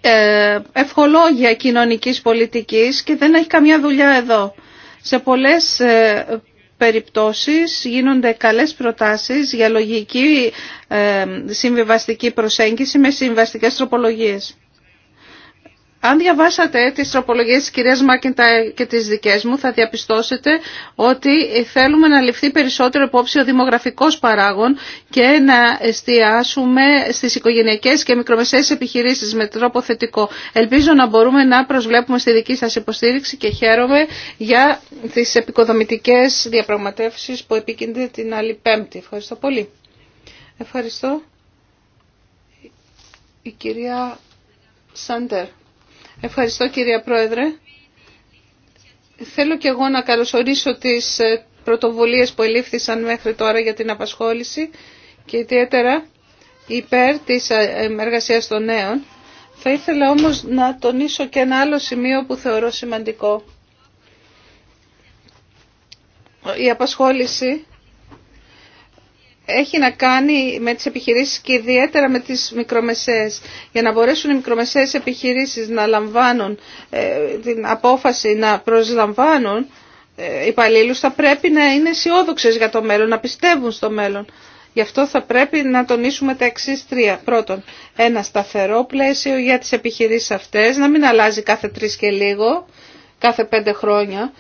ε, ευχολόγια κοινωνικής πολιτικής και δεν έχει καμιά δουλειά εδώ. Σε πολλές ε, περιπτώσεις γίνονται καλές προτάσεις για λογική ε, συμβιβαστική προσέγγιση με συμβαστικές τροπολογίες. Αν διαβάσατε τις τροπολογίες της κυρίας Μάκεντα και τις δικές μου θα διαπιστώσετε ότι θέλουμε να ληφθεί περισσότερο υπόψη ο δημογραφικός παράγων και να εστιάσουμε στις οικογενειακές και μικρομεσαίες επιχειρήσεις με τρόπο θετικό. Ελπίζω να μπορούμε να προσβλέπουμε στη δική σας υποστήριξη και χαίρομαι για τις επικοδομητικές διαπραγματεύσεις που επικίνδυνται την άλλη Πέμπτη. Ευχαριστώ πολύ. Ευχαριστώ. Η κυρία Σάντερ. Ευχαριστώ κυρία Πρόεδρε. Θέλω και εγώ να καλωσορίσω τις ε, πρωτοβουλίες που ελήφθησαν μέχρι τώρα για την απασχόληση και ιδιαίτερα υπέρ της ε, εργασίας των νέων. Θα ήθελα όμως να τονίσω και ένα άλλο σημείο που θεωρώ σημαντικό. Η απασχόληση έχει να κάνει με τις επιχειρήσεις και ιδιαίτερα με τις μικρομεσαίες. Για να μπορέσουν οι μικρομεσαίες επιχειρήσεις να λαμβάνουν ε, την απόφαση να προσλαμβάνουν ε, υπαλλήλους θα πρέπει να είναι αισιόδοξε για το μέλλον, να πιστεύουν στο μέλλον. Γι' αυτό θα πρέπει να τονίσουμε τα εξή τρία. Πρώτον, ένα σταθερό πλαίσιο για τις επιχειρήσεις αυτές, να μην αλλάζει κάθε τρει και λίγο, κάθε πέντε χρόνια.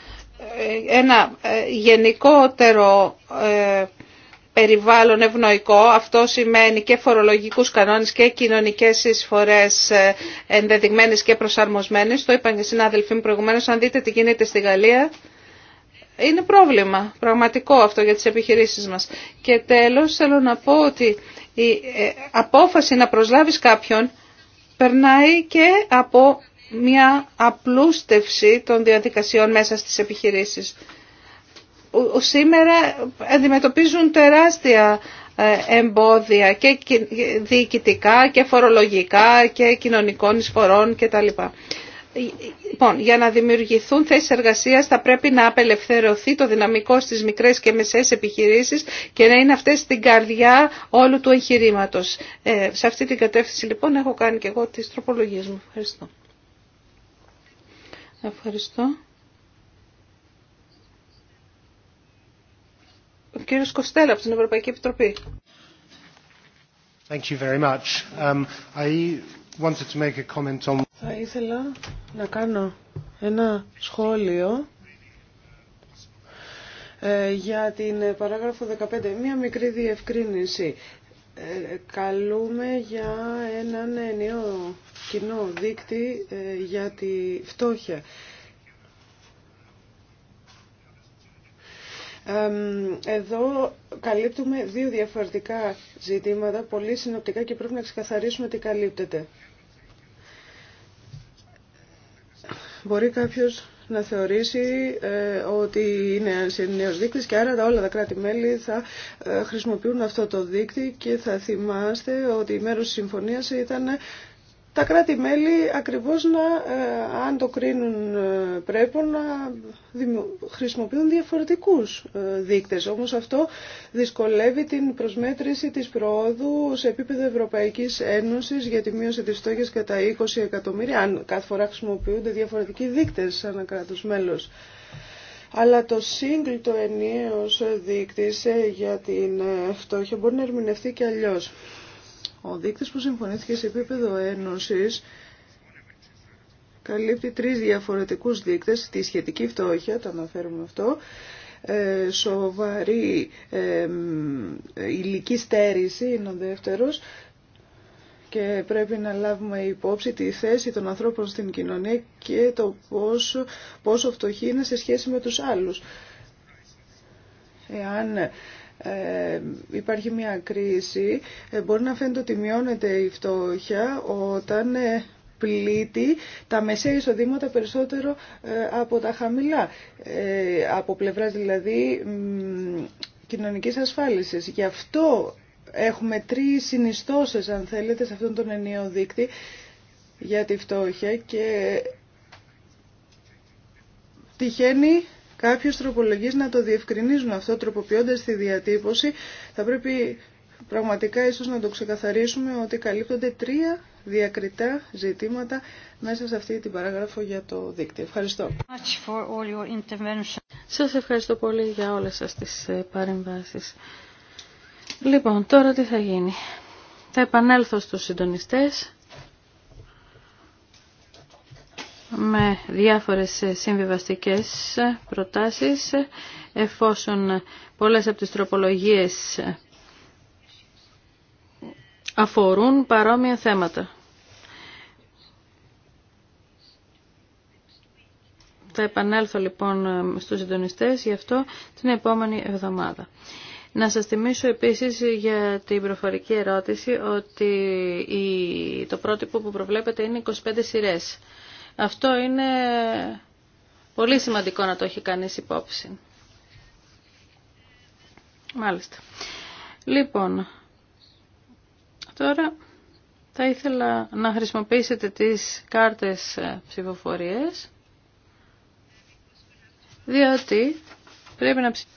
Ε, ένα γενικότερο περιβάλλον ευνοϊκό. Αυτό σημαίνει και φορολογικούς κανόνες και κοινωνικές εισφορές ε, ενδεδειγμένες και προσαρμοσμένες. Το είπαν και συνάδελφοί μου προηγουμένως, αν δείτε τι γίνεται στη Γαλλία. Είναι πρόβλημα πραγματικό αυτό για τις επιχειρήσεις μας. Και τέλος θέλω να πω ότι η ε, απόφαση να προσλάβεις κάποιον περνάει και από μια απλούστευση των διαδικασιών μέσα στις επιχειρήσεις σήμερα αντιμετωπίζουν τεράστια ε, εμπόδια και διοικητικά και φορολογικά και κοινωνικών εισφορών κτλ. Λοιπόν, για να δημιουργηθούν θέσεις εργασίας θα πρέπει να απελευθερωθεί το δυναμικό στις μικρές και μεσαίες επιχειρήσεις και να είναι αυτές στην καρδιά όλου του εγχειρήματο. Ε, σε αυτή την κατεύθυνση λοιπόν έχω κάνει και εγώ τις τροπολογίες μου. Ευχαριστώ. Ευχαριστώ. κύριος Κοστέλα από την Ευρωπαϊκή Επιτροπή. Thank you Θα ήθελα να κάνω ένα σχόλιο ε, για την παράγραφο 15. Μία μικρή διευκρίνηση. Ε, καλούμε για έναν νέο κοινό δίκτυ ε, για τη φτώχεια. Εδώ καλύπτουμε δύο διαφορετικά ζητήματα, πολύ συνοπτικά και πρέπει να ξεκαθαρίσουμε τι καλύπτεται. Μπορεί κάποιος να θεωρήσει ε, ότι είναι νέος δείκτης και άρα όλα τα κράτη-μέλη θα ε, χρησιμοποιούν αυτό το δείκτη και θα θυμάστε ότι η μέρος της συμφωνίας ήταν τα κράτη-μέλη ακριβώς να, ε, αν το κρίνουν ε, πρέπει να χρησιμοποιούν διαφορετικούς ε, δείκτες. Όμως αυτό δυσκολεύει την προσμέτρηση της προόδου σε επίπεδο Ευρωπαϊκής Ένωσης για τη μείωση της στόχης κατά 20 εκατομμύρια, αν κάθε φορά χρησιμοποιούνται διαφορετικοί δείκτες σαν κράτος μέλος. Αλλά το single, το ενιαίος ε, για την φτώχεια μπορεί να ερμηνευτεί και αλλιώς. Ο δείκτης που συμφωνήθηκε σε επίπεδο ένωσης καλύπτει τρεις διαφορετικούς δείκτες, τη σχετική φτώχεια, το αναφέρουμε αυτό, ε, σοβαρή ηλική στέρηση είναι ο δεύτερος και πρέπει να λάβουμε υπόψη τη θέση των ανθρώπων στην κοινωνία και το πόσο, πόσο φτωχοί είναι σε σχέση με τους άλλους. Εάν ε, υπάρχει μια κρίση, ε, μπορεί να φαίνεται ότι μειώνεται η φτώχεια όταν ε, πλήττει τα μεσαία εισοδήματα περισσότερο από τα χαμηλά, από πλευράς δηλαδή κοινωνικής ασφάλισης. Γι' αυτό έχουμε τρεις συνιστώσεις, αν θέλετε, σε αυτόν τον ενίο δείκτη για τη φτώχεια και τυχαίνει Κάποιο τροπολογίες να το διευκρινίζουν αυτό τροποποιώντα τη διατύπωση. Θα πρέπει πραγματικά ίσω να το ξεκαθαρίσουμε ότι καλύπτονται τρία διακριτά ζητήματα μέσα σε αυτή την παράγραφο για το δίκτυο. Ευχαριστώ. Σα ευχαριστώ πολύ για όλε σας τις ε, παρεμβάσει. Λοιπόν, τώρα τι θα γίνει. Θα επανέλθω στους συντονιστές με διάφορες συμβιβαστικές προτάσεις εφόσον πολλές από τις τροπολογίες αφορούν παρόμοια θέματα. Θα επανέλθω λοιπόν στους συντονιστές γι' αυτό την επόμενη εβδομάδα. Να σας θυμίσω επίσης για την προφορική ερώτηση ότι το πρότυπο που προβλέπετε είναι 25 σειρές. Αυτό είναι πολύ σημαντικό να το έχει κανείς υπόψη. Μάλιστα. Λοιπόν, τώρα θα ήθελα να χρησιμοποιήσετε τις κάρτες ε, ψηφοφορίες, διότι πρέπει να ψηφίσετε.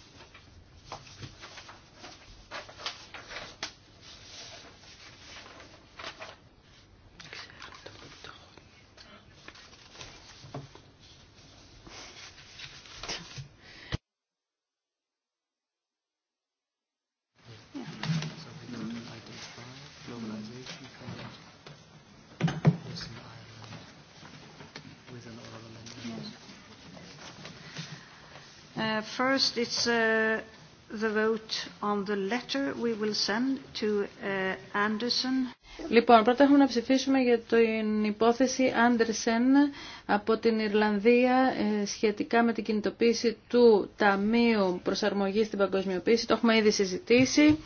Uh, first, it's uh, the vote on the letter we will send to uh, Anderson. Λοιπόν, πρώτα έχουμε να ψηφίσουμε για την υπόθεση Άντερσεν από την Ιρλανδία ε, σχετικά με την κινητοποίηση του Ταμείου Προσαρμογής στην Παγκοσμιοποίηση. Το έχουμε ήδη συζητήσει.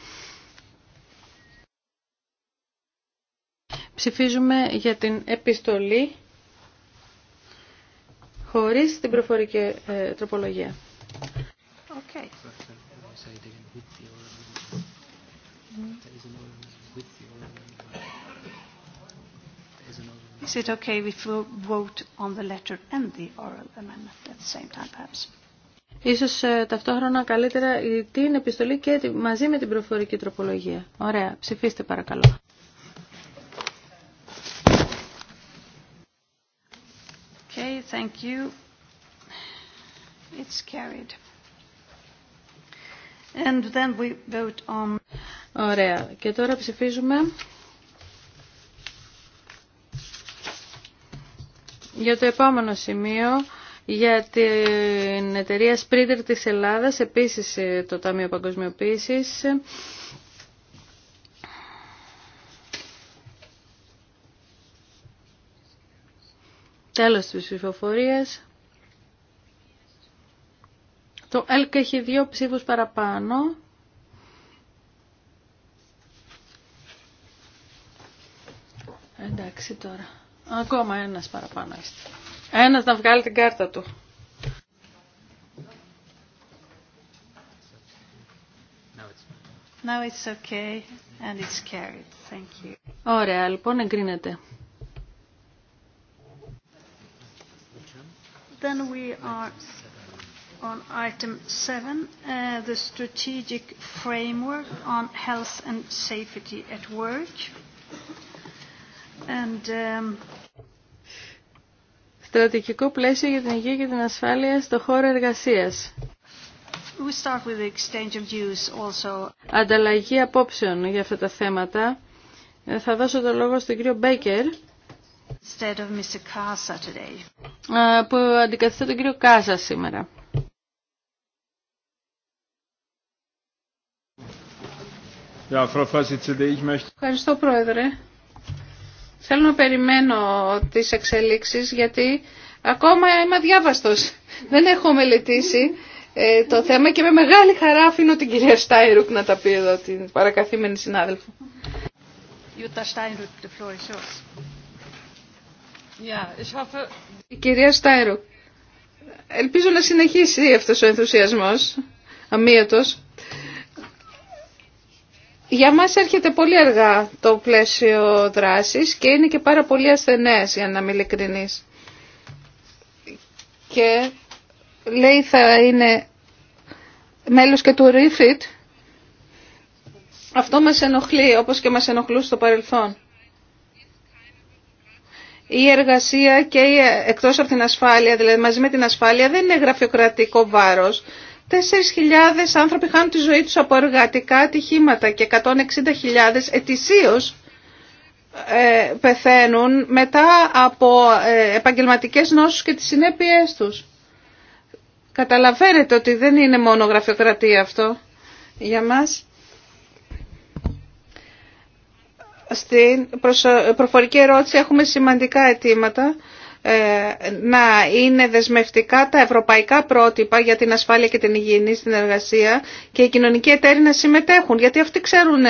Ψηφίζουμε για την επιστολή χωρίς την προφορική ε, τροπολογία is it okay if we vote on the letter and the oral amendment at the same time, perhaps? Ίσως ταυτόχρονα καλύτερα την επιστολή και μαζί με την προφορική τροπολογία. Ωραία. Ψηφίστε παρακαλώ. Okay, thank you. It's carried. Ωραία. Και τώρα ψηφίζουμε για το επόμενο σημείο για την εταιρεία Sprinter της Ελλάδας, επίσης ε, το Ταμείο Παγκοσμιοποίησης. Τέλος της ψηφοφορίας. Το ΕΛΚ έχει δύο ψήφους παραπάνω. Εντάξει τώρα. Ακόμα ένας παραπάνω είστε. Ένας να βγάλει την κάρτα του. Now it's okay and it's carried. Thank you. Ωραία, λοιπόν, εγκρίνεται. Then we are on item uh, the strategic framework on health and safety at work. Um, Στρατηγικό πλαίσιο για την υγεία και την ασφάλεια στο χώρο εργασίας. Ανταλλαγή απόψεων για αυτά τα θέματα. Ε, θα δώσω το λόγο στον κύριο Μπέικερ που αντικαθιστά τον κύριο Κάσα σήμερα. Ευχαριστώ, Πρόεδρε. Θέλω να περιμένω τις εξελίξεις γιατί ακόμα είμαι διάβαστος. Δεν έχω μελετήσει ε, το θέμα και με μεγάλη χαρά αφήνω την κυρία Στάιρουκ να τα πει εδώ, την παρακαθήμενη συνάδελφο. Η κυρία Στάιρουκ, ελπίζω να συνεχίσει αυτός ο ενθουσιασμός, αμύωτος για μας έρχεται πολύ αργά το πλαίσιο δράσης και είναι και πάρα πολύ ασθενές για να είμαι Και λέει θα είναι μέλος και του Refit. Αυτό μας ενοχλεί όπως και μας ενοχλούσε στο παρελθόν. Η εργασία και η, εκτός από την ασφάλεια, δηλαδή μαζί με την ασφάλεια δεν είναι γραφειοκρατικό βάρος. 4.000 άνθρωποι χάνουν τη ζωή τους από εργατικά ατυχήματα και 160.000 ετησίως ε, πεθαίνουν μετά από ε, επαγγελματικές νόσους και τις συνέπειές τους. Καταλαβαίνετε ότι δεν είναι μόνο γραφειοκρατία αυτό για μας. Στην προφορική ερώτηση έχουμε σημαντικά αιτήματα ε, να είναι δεσμευτικά τα ευρωπαϊκά πρότυπα για την ασφάλεια και την υγιεινή στην εργασία και οι κοινωνικοί εταίροι να συμμετέχουν, γιατί αυτοί ξέρουν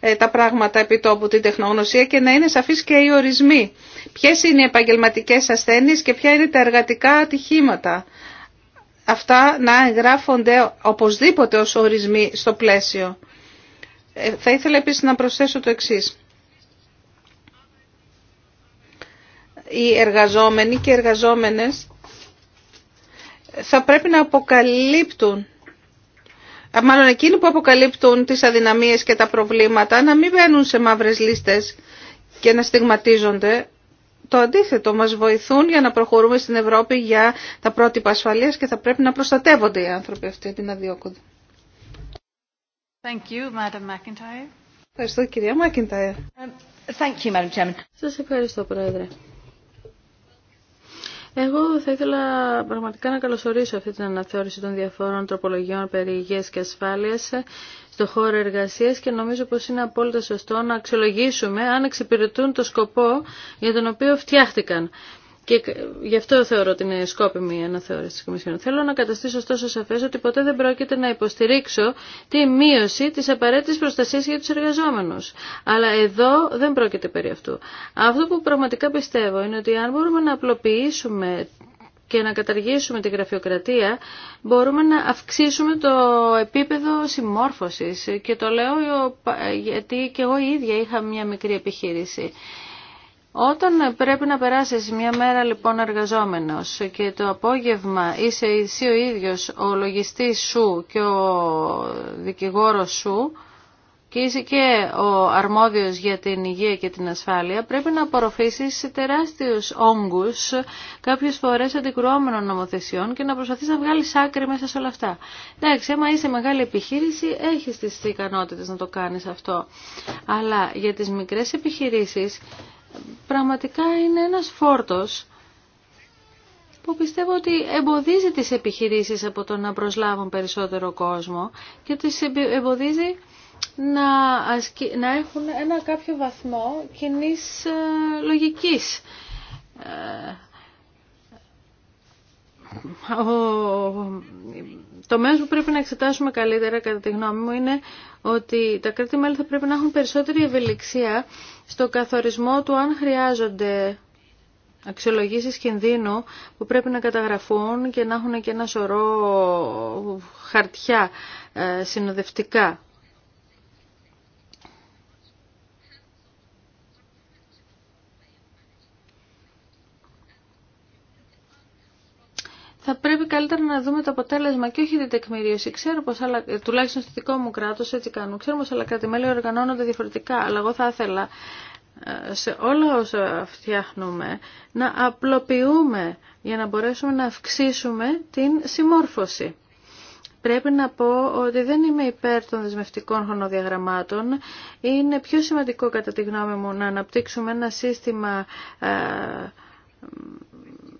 ε, τα πράγματα επί τόπου, την τεχνογνωσία και να είναι σαφείς και οι ορισμοί. Ποιες είναι οι επαγγελματικές ασθένειες και ποια είναι τα εργατικά ατυχήματα. Αυτά να εγγράφονται οπωσδήποτε ως ορισμοί στο πλαίσιο. Ε, θα ήθελα επίσης να προσθέσω το εξής. οι εργαζόμενοι και οι εργαζόμενες θα πρέπει να αποκαλύπτουν μάλλον εκείνοι που αποκαλύπτουν τις αδυναμίες και τα προβλήματα να μην μπαίνουν σε μαύρες λίστες και να στιγματίζονται. Το αντίθετο μας βοηθούν για να προχωρούμε στην Ευρώπη για τα πρότυπα ασφαλείας και θα πρέπει να προστατεύονται οι άνθρωποι αυτοί την αδιώκονται. Thank Ευχαριστώ κυρία Σας ευχαριστώ Πρόεδρε. Εγώ θα ήθελα πραγματικά να καλωσορίσω αυτή την αναθεώρηση των διαφόρων τροπολογιών περί υγείας και ασφάλειας στο χώρο εργασίας και νομίζω πως είναι απόλυτα σωστό να αξιολογήσουμε αν εξυπηρετούν το σκοπό για τον οποίο φτιάχτηκαν. Και γι' αυτό θεωρώ ότι είναι σκόπιμη η αναθεώρηση τη Κομισιόν. Θέλω να καταστήσω ωστόσο σαφέ ότι ποτέ δεν πρόκειται να υποστηρίξω τη μείωση τη απαραίτητη προστασία για του εργαζόμενου. Αλλά εδώ δεν πρόκειται περί αυτού. Αυτό που πραγματικά πιστεύω είναι ότι αν μπορούμε να απλοποιήσουμε και να καταργήσουμε τη γραφειοκρατία, μπορούμε να αυξήσουμε το επίπεδο συμμόρφωσης. Και το λέω γιατί και εγώ η ίδια είχα μια μικρή επιχείρηση. Όταν πρέπει να περάσεις μια μέρα λοιπόν εργαζόμενος και το απόγευμα είσαι εσύ ο ίδιος ο λογιστής σου και ο δικηγόρος σου και είσαι και ο αρμόδιος για την υγεία και την ασφάλεια, πρέπει να απορροφήσεις τεράστιους όγκους, κάποιες φορές αντικρουόμενων νομοθεσιών και να προσπαθείς να βγάλεις άκρη μέσα σε όλα αυτά. Εντάξει, άμα είσαι μεγάλη επιχείρηση, έχεις τις ικανότητες να το κάνεις αυτό. Αλλά για τις μικρές επιχειρήσεις πραγματικά είναι ένας φόρτος που πιστεύω ότι εμποδίζει τις επιχειρήσεις από το να προσλάβουν περισσότερο κόσμο και τις εμποδίζει να, να έχουν ένα κάποιο βαθμό κοινή ε, λογικής. Ε, το μέσο που πρέπει να εξετάσουμε καλύτερα κατά τη γνώμη μου είναι ότι τα κράτη-μέλη θα πρέπει να έχουν περισσότερη ευελιξία στο καθορισμό του αν χρειάζονται αξιολογήσεις κινδύνου που πρέπει να καταγραφούν και να έχουν και ένα σωρό χαρτιά ε, συνοδευτικά θα πρέπει καλύτερα να δούμε το αποτέλεσμα και όχι την τεκμηρίωση. Ξέρω πως, αλλά, τουλάχιστον στο δικό μου έτσι κάνουν. Ξέρω πως άλλα κράτη-μέλη οργανώνονται διαφορετικά, αλλά εγώ θα ήθελα ε, σε όλα όσα φτιάχνουμε να απλοποιούμε για να μπορέσουμε να αυξήσουμε την συμμόρφωση. Πρέπει να πω ότι δεν είμαι υπέρ των δεσμευτικών χρονοδιαγραμμάτων. Είναι πιο σημαντικό κατά τη γνώμη μου να αναπτύξουμε ένα σύστημα ε,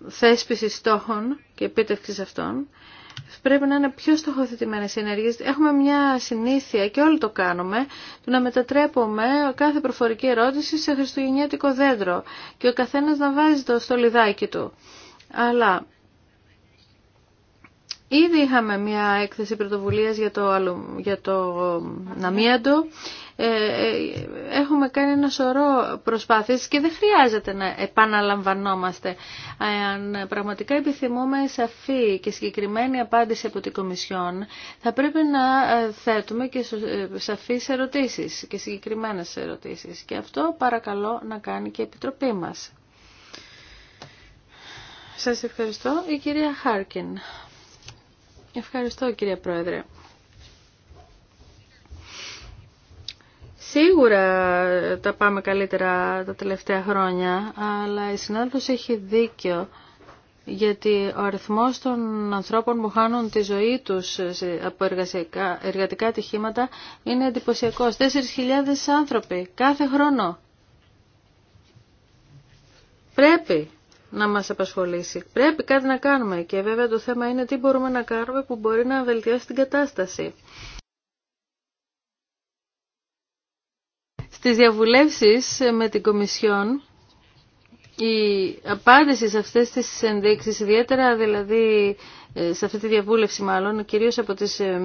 θέσπιση στόχων και επίτευξη αυτών, πρέπει να είναι πιο στοχοθετημένε οι ενέργειε. Έχουμε μια συνήθεια και όλοι το κάνουμε του να μετατρέπουμε κάθε προφορική ερώτηση σε χριστουγεννιάτικο δέντρο και ο καθένα να βάζει το στολιδάκι του. Αλλά Ήδη είχαμε μια έκθεση πρωτοβουλίας για το, για το Ναμίαντο. Ε, ε, έχουμε κάνει ένα σωρό προσπάθειες και δεν χρειάζεται να επαναλαμβανόμαστε. Αν πραγματικά επιθυμούμε σαφή και συγκεκριμένη απάντηση από την Κομισιόν, θα πρέπει να ε, θέτουμε και σαφείς ερωτήσεις και συγκεκριμένες ερωτήσεις. Και αυτό παρακαλώ να κάνει και η Επιτροπή μας. Σας ευχαριστώ. Η κυρία Χάρκιν. Ευχαριστώ κύριε Πρόεδρε. Σίγουρα τα πάμε καλύτερα τα τελευταία χρόνια, αλλά η συνάδελφος έχει δίκιο γιατί ο αριθμός των ανθρώπων που χάνουν τη ζωή τους από εργατικά, εργατικά ατυχήματα είναι εντυπωσιακό. 4.000 άνθρωποι κάθε χρόνο. Πρέπει να μας απασχολήσει. Πρέπει κάτι να κάνουμε και βέβαια το θέμα είναι τι μπορούμε να κάνουμε που μπορεί να βελτιώσει την κατάσταση. Στις διαβουλεύσεις με την Κομισιόν, η απάντηση σε αυτές τις ενδείξεις, ιδιαίτερα δηλαδή σε αυτή τη διαβούλευση μάλλον, κυρίως από τις ε,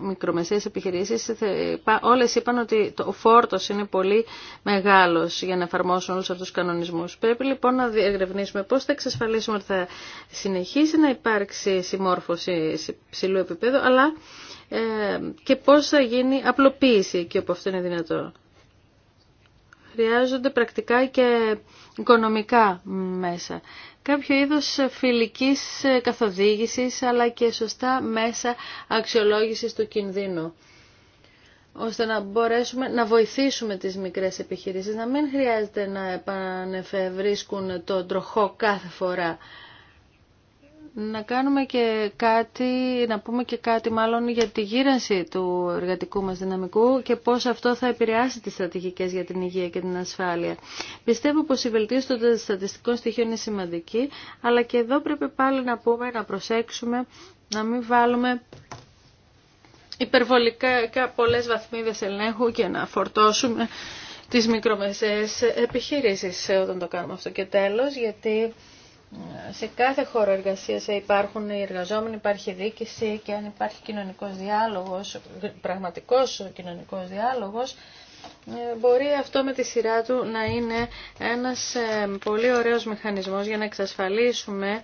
μικρομεσαίες επιχειρήσεις, όλες είπαν ότι ο φόρτος είναι πολύ μεγάλος για να εφαρμόσουν όλους αυτούς τους κανονισμούς. Πρέπει λοιπόν να διερευνήσουμε πώς θα εξασφαλίσουμε ότι θα συνεχίσει να υπάρξει συμμόρφωση σε ψηλού επίπεδο, αλλά ε, και πώς θα γίνει απλοποίηση εκεί όπου αυτό είναι δυνατό χρειάζονται πρακτικά και οικονομικά μέσα. Κάποιο είδος φιλικής καθοδήγησης αλλά και σωστά μέσα αξιολόγησης του κινδύνου ώστε να μπορέσουμε να βοηθήσουμε τις μικρές επιχειρήσεις, να μην χρειάζεται να επανεφευρίσκουν τον τροχό κάθε φορά να κάνουμε και κάτι, να πούμε και κάτι μάλλον για τη γύρανση του εργατικού μας δυναμικού και πώς αυτό θα επηρεάσει τις στρατηγικές για την υγεία και την ασφάλεια. Πιστεύω πως η βελτίωση των στατιστικών στοιχείων είναι σημαντική, αλλά και εδώ πρέπει πάλι να πούμε, να προσέξουμε, να μην βάλουμε υπερβολικά πολλές βαθμίδες ελέγχου και να φορτώσουμε τις μικρομεσαίες επιχειρήσεις ε, όταν το κάνουμε αυτό. Και τέλος, γιατί σε κάθε χώρο εργασία υπάρχουν οι εργαζόμενοι, υπάρχει δίκηση και αν υπάρχει κοινωνικό διάλογο, πραγματικό κοινωνικός διάλογος, ε, μπορεί αυτό με τη σειρά του να είναι ένας ε, πολύ ωραίος μηχανισμός για να εξασφαλίσουμε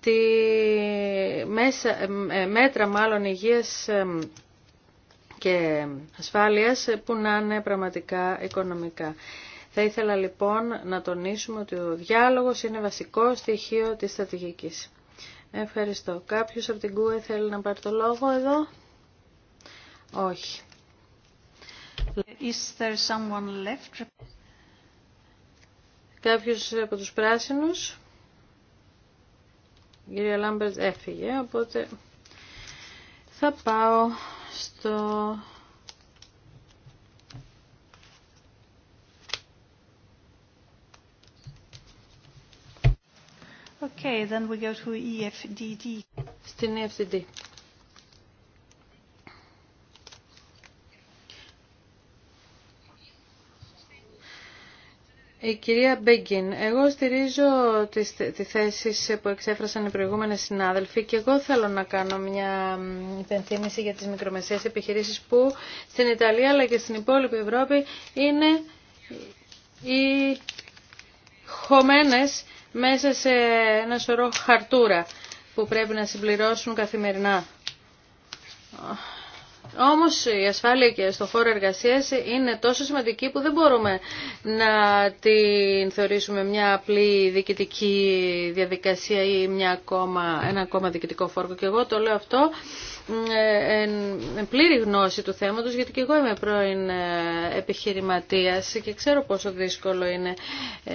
τη μέσα, ε, μέτρα μάλλον υγεία και ασφάλειας που να είναι πραγματικά οικονομικά. Θα ήθελα λοιπόν να τονίσουμε ότι ο διάλογος είναι βασικό στοιχείο της στρατηγικής. Ευχαριστώ. Κάποιος από την ΚΟΕ θέλει να πάρει το λόγο εδώ. Όχι. Is there someone left? Κάποιος από τους πράσινους. Η κυρία Λάμπερτ έφυγε, οπότε θα πάω στο Okay, then we go to EFDD. Στην EFDD. Η κυρία Μπέγκιν, εγώ στηρίζω τις, τη θέσεις που εξέφρασαν οι προηγούμενες συνάδελφοι και εγώ θέλω να κάνω μια υπενθύμηση για τις μικρομεσαίες επιχειρήσεις που στην Ιταλία αλλά και στην υπόλοιπη Ευρώπη είναι οι χωμένες μέσα σε ένα σωρό χαρτούρα που πρέπει να συμπληρώσουν καθημερινά. Όμως η ασφάλεια και στο φόρο εργασίας είναι τόσο σημαντική που δεν μπορούμε να την θεωρήσουμε μια απλή διοικητική διαδικασία ή μια ακόμα, ένα ακόμα διοικητικό φόρκο. Και εγώ το λέω αυτό πλήρη γνώση του θέματος, γιατί και εγώ είμαι πρώην ε, επιχειρηματίας και ξέρω πόσο δύσκολο είναι. Ε,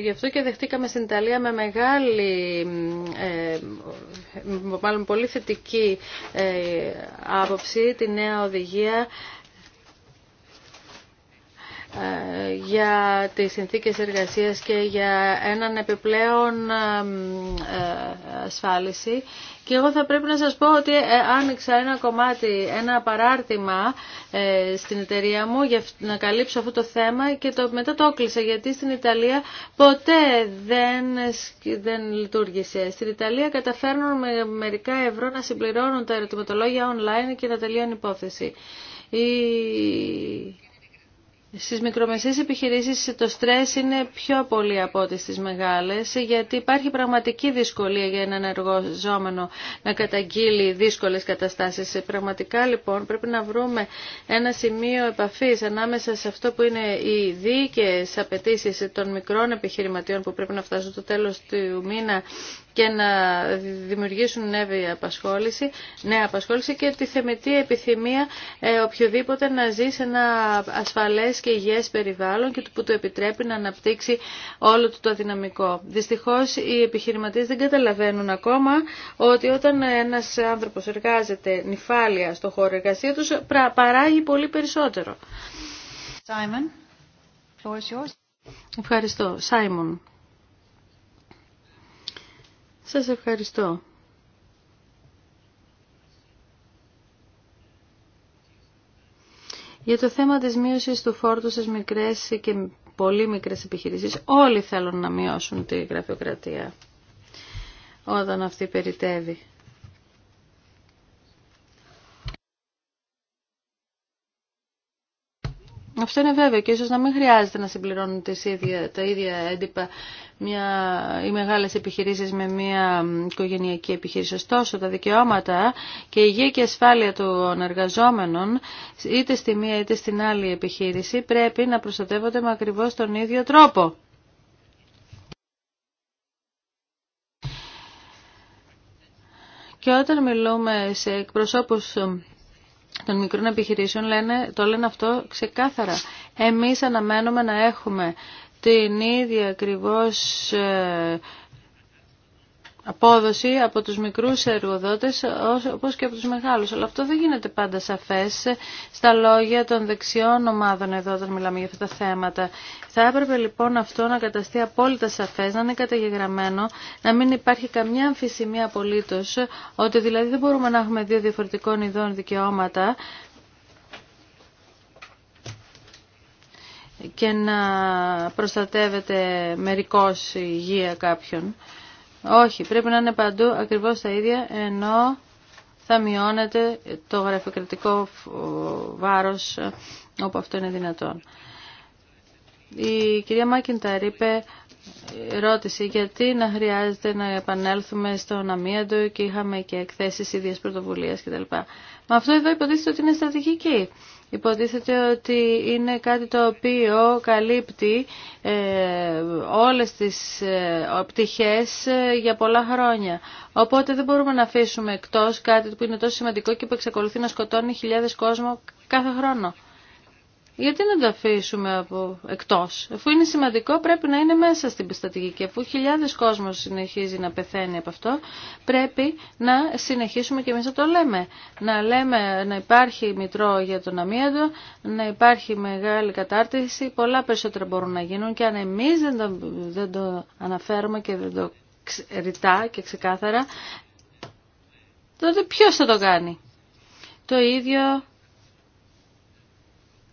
γι' αυτό και δεχτήκαμε στην Ιταλία με μεγάλη, ε, μάλλον πολύ θετική άποψη τη νέα οδηγία για τις συνθήκες εργασίας και για έναν επιπλέον ε, ασφάλιση. Και εγώ θα πρέπει να σας πω ότι ε, άνοιξα ένα κομμάτι, ένα παράρτημα ε, στην εταιρεία μου για να καλύψω αυτό το θέμα και το, μετά το έκλεισα γιατί στην Ιταλία ποτέ δεν, δεν λειτουργήσε. Στην Ιταλία καταφέρνουν με μερικά ευρώ να συμπληρώνουν τα ερωτηματολόγια online και να τελειώνει υπόθεση. Η στις μικρομεσαίες επιχειρήσεις το στρες είναι πιο πολύ από ό,τι στις μεγάλες γιατί υπάρχει πραγματική δυσκολία για έναν εργοζόμενο να καταγγείλει δύσκολες καταστάσεις. Πραγματικά λοιπόν πρέπει να βρούμε ένα σημείο επαφής ανάμεσα σε αυτό που είναι οι δίκαιες απαιτήσει των μικρών επιχειρηματιών που πρέπει να φτάσουν το τέλος του μήνα και να δημιουργήσουν νέα απασχόληση, νέα απασχόληση και τη θεμετή επιθυμία ε, οποιοδήποτε να ζει σε ένα ασφαλές και υγιές περιβάλλον και που του επιτρέπει να αναπτύξει όλο του το δυναμικό. Δυστυχώς οι επιχειρηματίες δεν καταλαβαίνουν ακόμα ότι όταν ένας άνθρωπος εργάζεται νυφάλια στο χώρο εργασία τους παράγει πολύ περισσότερο. Simon, Ευχαριστώ. Σάιμον. Σας ευχαριστώ. Για το θέμα της μείωσης του φόρτου στις μικρές και πολύ μικρές επιχειρήσεις, όλοι θέλουν να μειώσουν τη γραφειοκρατία όταν αυτή περιτεύει. Αυτό είναι βέβαιο και ίσως να μην χρειάζεται να συμπληρώνουν τις ίδια, τα ίδια έντυπα μια, οι μεγάλες επιχειρήσεις με μια οικογενειακή επιχείρηση. Ωστόσο, τα δικαιώματα και η υγεία και ασφάλεια των εργαζόμενων, είτε στη μία είτε στην άλλη επιχείρηση, πρέπει να προστατεύονται με ακριβώς τον ίδιο τρόπο. Και όταν μιλούμε σε εκπροσώπους των μικρών επιχειρήσεων λένε, το λένε αυτό ξεκάθαρα. Εμείς αναμένουμε να έχουμε την ίδια ακριβώς ε, απόδοση από τους μικρούς εργοδότες όπως και από τους μεγάλους. Αλλά αυτό δεν γίνεται πάντα σαφές στα λόγια των δεξιών ομάδων εδώ όταν μιλάμε για αυτά τα θέματα. Θα έπρεπε λοιπόν αυτό να καταστεί απόλυτα σαφές, να είναι καταγεγραμμένο, να μην υπάρχει καμιά αμφισημία απολύτως, ότι δηλαδή δεν μπορούμε να έχουμε δύο διαφορετικών ειδών δικαιώματα, και να προστατεύεται μερικώς η υγεία κάποιων. Όχι, πρέπει να είναι παντού ακριβώς τα ίδια, ενώ θα μειώνεται το γραφειοκρατικό βάρος όπου αυτό είναι δυνατόν. Η κυρία Μάκινταρ είπε, ρώτησε γιατί να χρειάζεται να επανέλθουμε στον αμύαντο και είχαμε και εκθέσεις ίδιας πρωτοβουλίας κτλ. Μα αυτό εδώ υποτίθεται ότι είναι στρατηγική. Υποτίθεται ότι είναι κάτι το οποίο καλύπτει ε, όλες τις ε, πτυχές ε, για πολλά χρόνια. Οπότε δεν μπορούμε να αφήσουμε εκτός κάτι που είναι τόσο σημαντικό και που εξακολουθεί να σκοτώνει χιλιάδες κόσμο κάθε χρόνο. Γιατί να το αφήσουμε από εκτός. Αφού είναι σημαντικό πρέπει να είναι μέσα στην πιστατική. Και Αφού χιλιάδες κόσμος συνεχίζει να πεθαίνει από αυτό, πρέπει να συνεχίσουμε και εμείς να το λέμε. Να λέμε να υπάρχει μητρό για τον αμύαντο, να υπάρχει μεγάλη κατάρτιση, πολλά περισσότερα μπορούν να γίνουν και αν εμείς δεν το, δεν το αναφέρουμε και δεν το ρητά και ξεκάθαρα, τότε ποιος θα το κάνει. Το ίδιο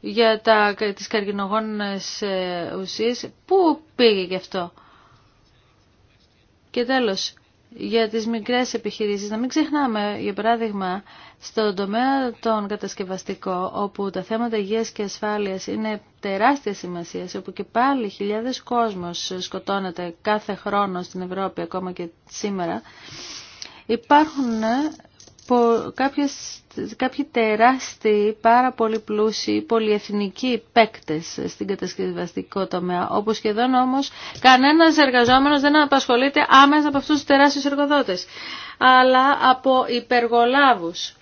για τα, τις καρκινογόνες ε, ουσίες. Πού πήγε γι' αυτό. Και τέλος, για τις μικρές επιχειρήσεις. Να μην ξεχνάμε, για παράδειγμα, στον τομέα των κατασκευαστικών, όπου τα θέματα υγείας και ασφάλειας είναι τεράστια σημασία, όπου και πάλι χιλιάδες κόσμος σκοτώνεται κάθε χρόνο στην Ευρώπη, ακόμα και σήμερα, υπάρχουν ε, κάποιες, κάποιοι τεράστιοι, πάρα πολύ πλούσιοι, πολυεθνικοί παίκτες στην κατασκευαστικό τομέα, όπου σχεδόν όμως κανένας εργαζόμενος δεν απασχολείται άμεσα από αυτούς τους τεράστιους εργοδότες, αλλά από υπεργολάβους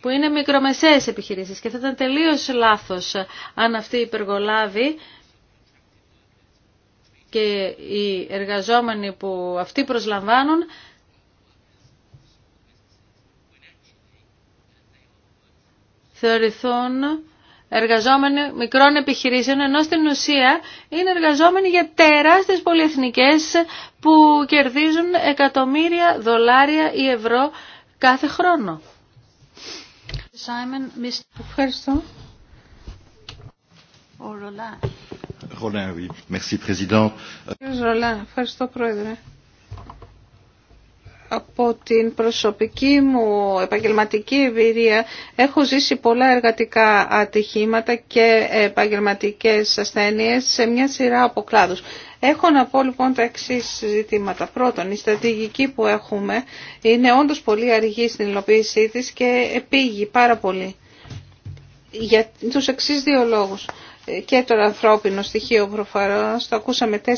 που είναι μικρομεσαίες επιχειρήσεις και θα ήταν τελείως λάθος αν αυτοί οι υπεργολάβοι και οι εργαζόμενοι που αυτοί προσλαμβάνουν θεωρηθούν εργαζόμενοι μικρών επιχειρήσεων, ενώ στην ουσία είναι εργαζόμενοι για τεράστιες πολυεθνικές που κερδίζουν εκατομμύρια δολάρια ή ευρώ κάθε χρόνο. Simon, Ευχαριστώ. Ο Ρολάν. Ρολάν, ευχαριστώ, από την προσωπική μου επαγγελματική εμπειρία έχω ζήσει πολλά εργατικά ατυχήματα και επαγγελματικές ασθένειες σε μια σειρά από κλάδους. Έχω να πω λοιπόν τα εξή ζητήματα. Πρώτον, η στρατηγική που έχουμε είναι όντως πολύ αργή στην υλοποίησή της και επίγει πάρα πολύ. Για τους εξή δύο λόγους. Και το ανθρώπινο στοιχείο προφανώς, το ακούσαμε 4.000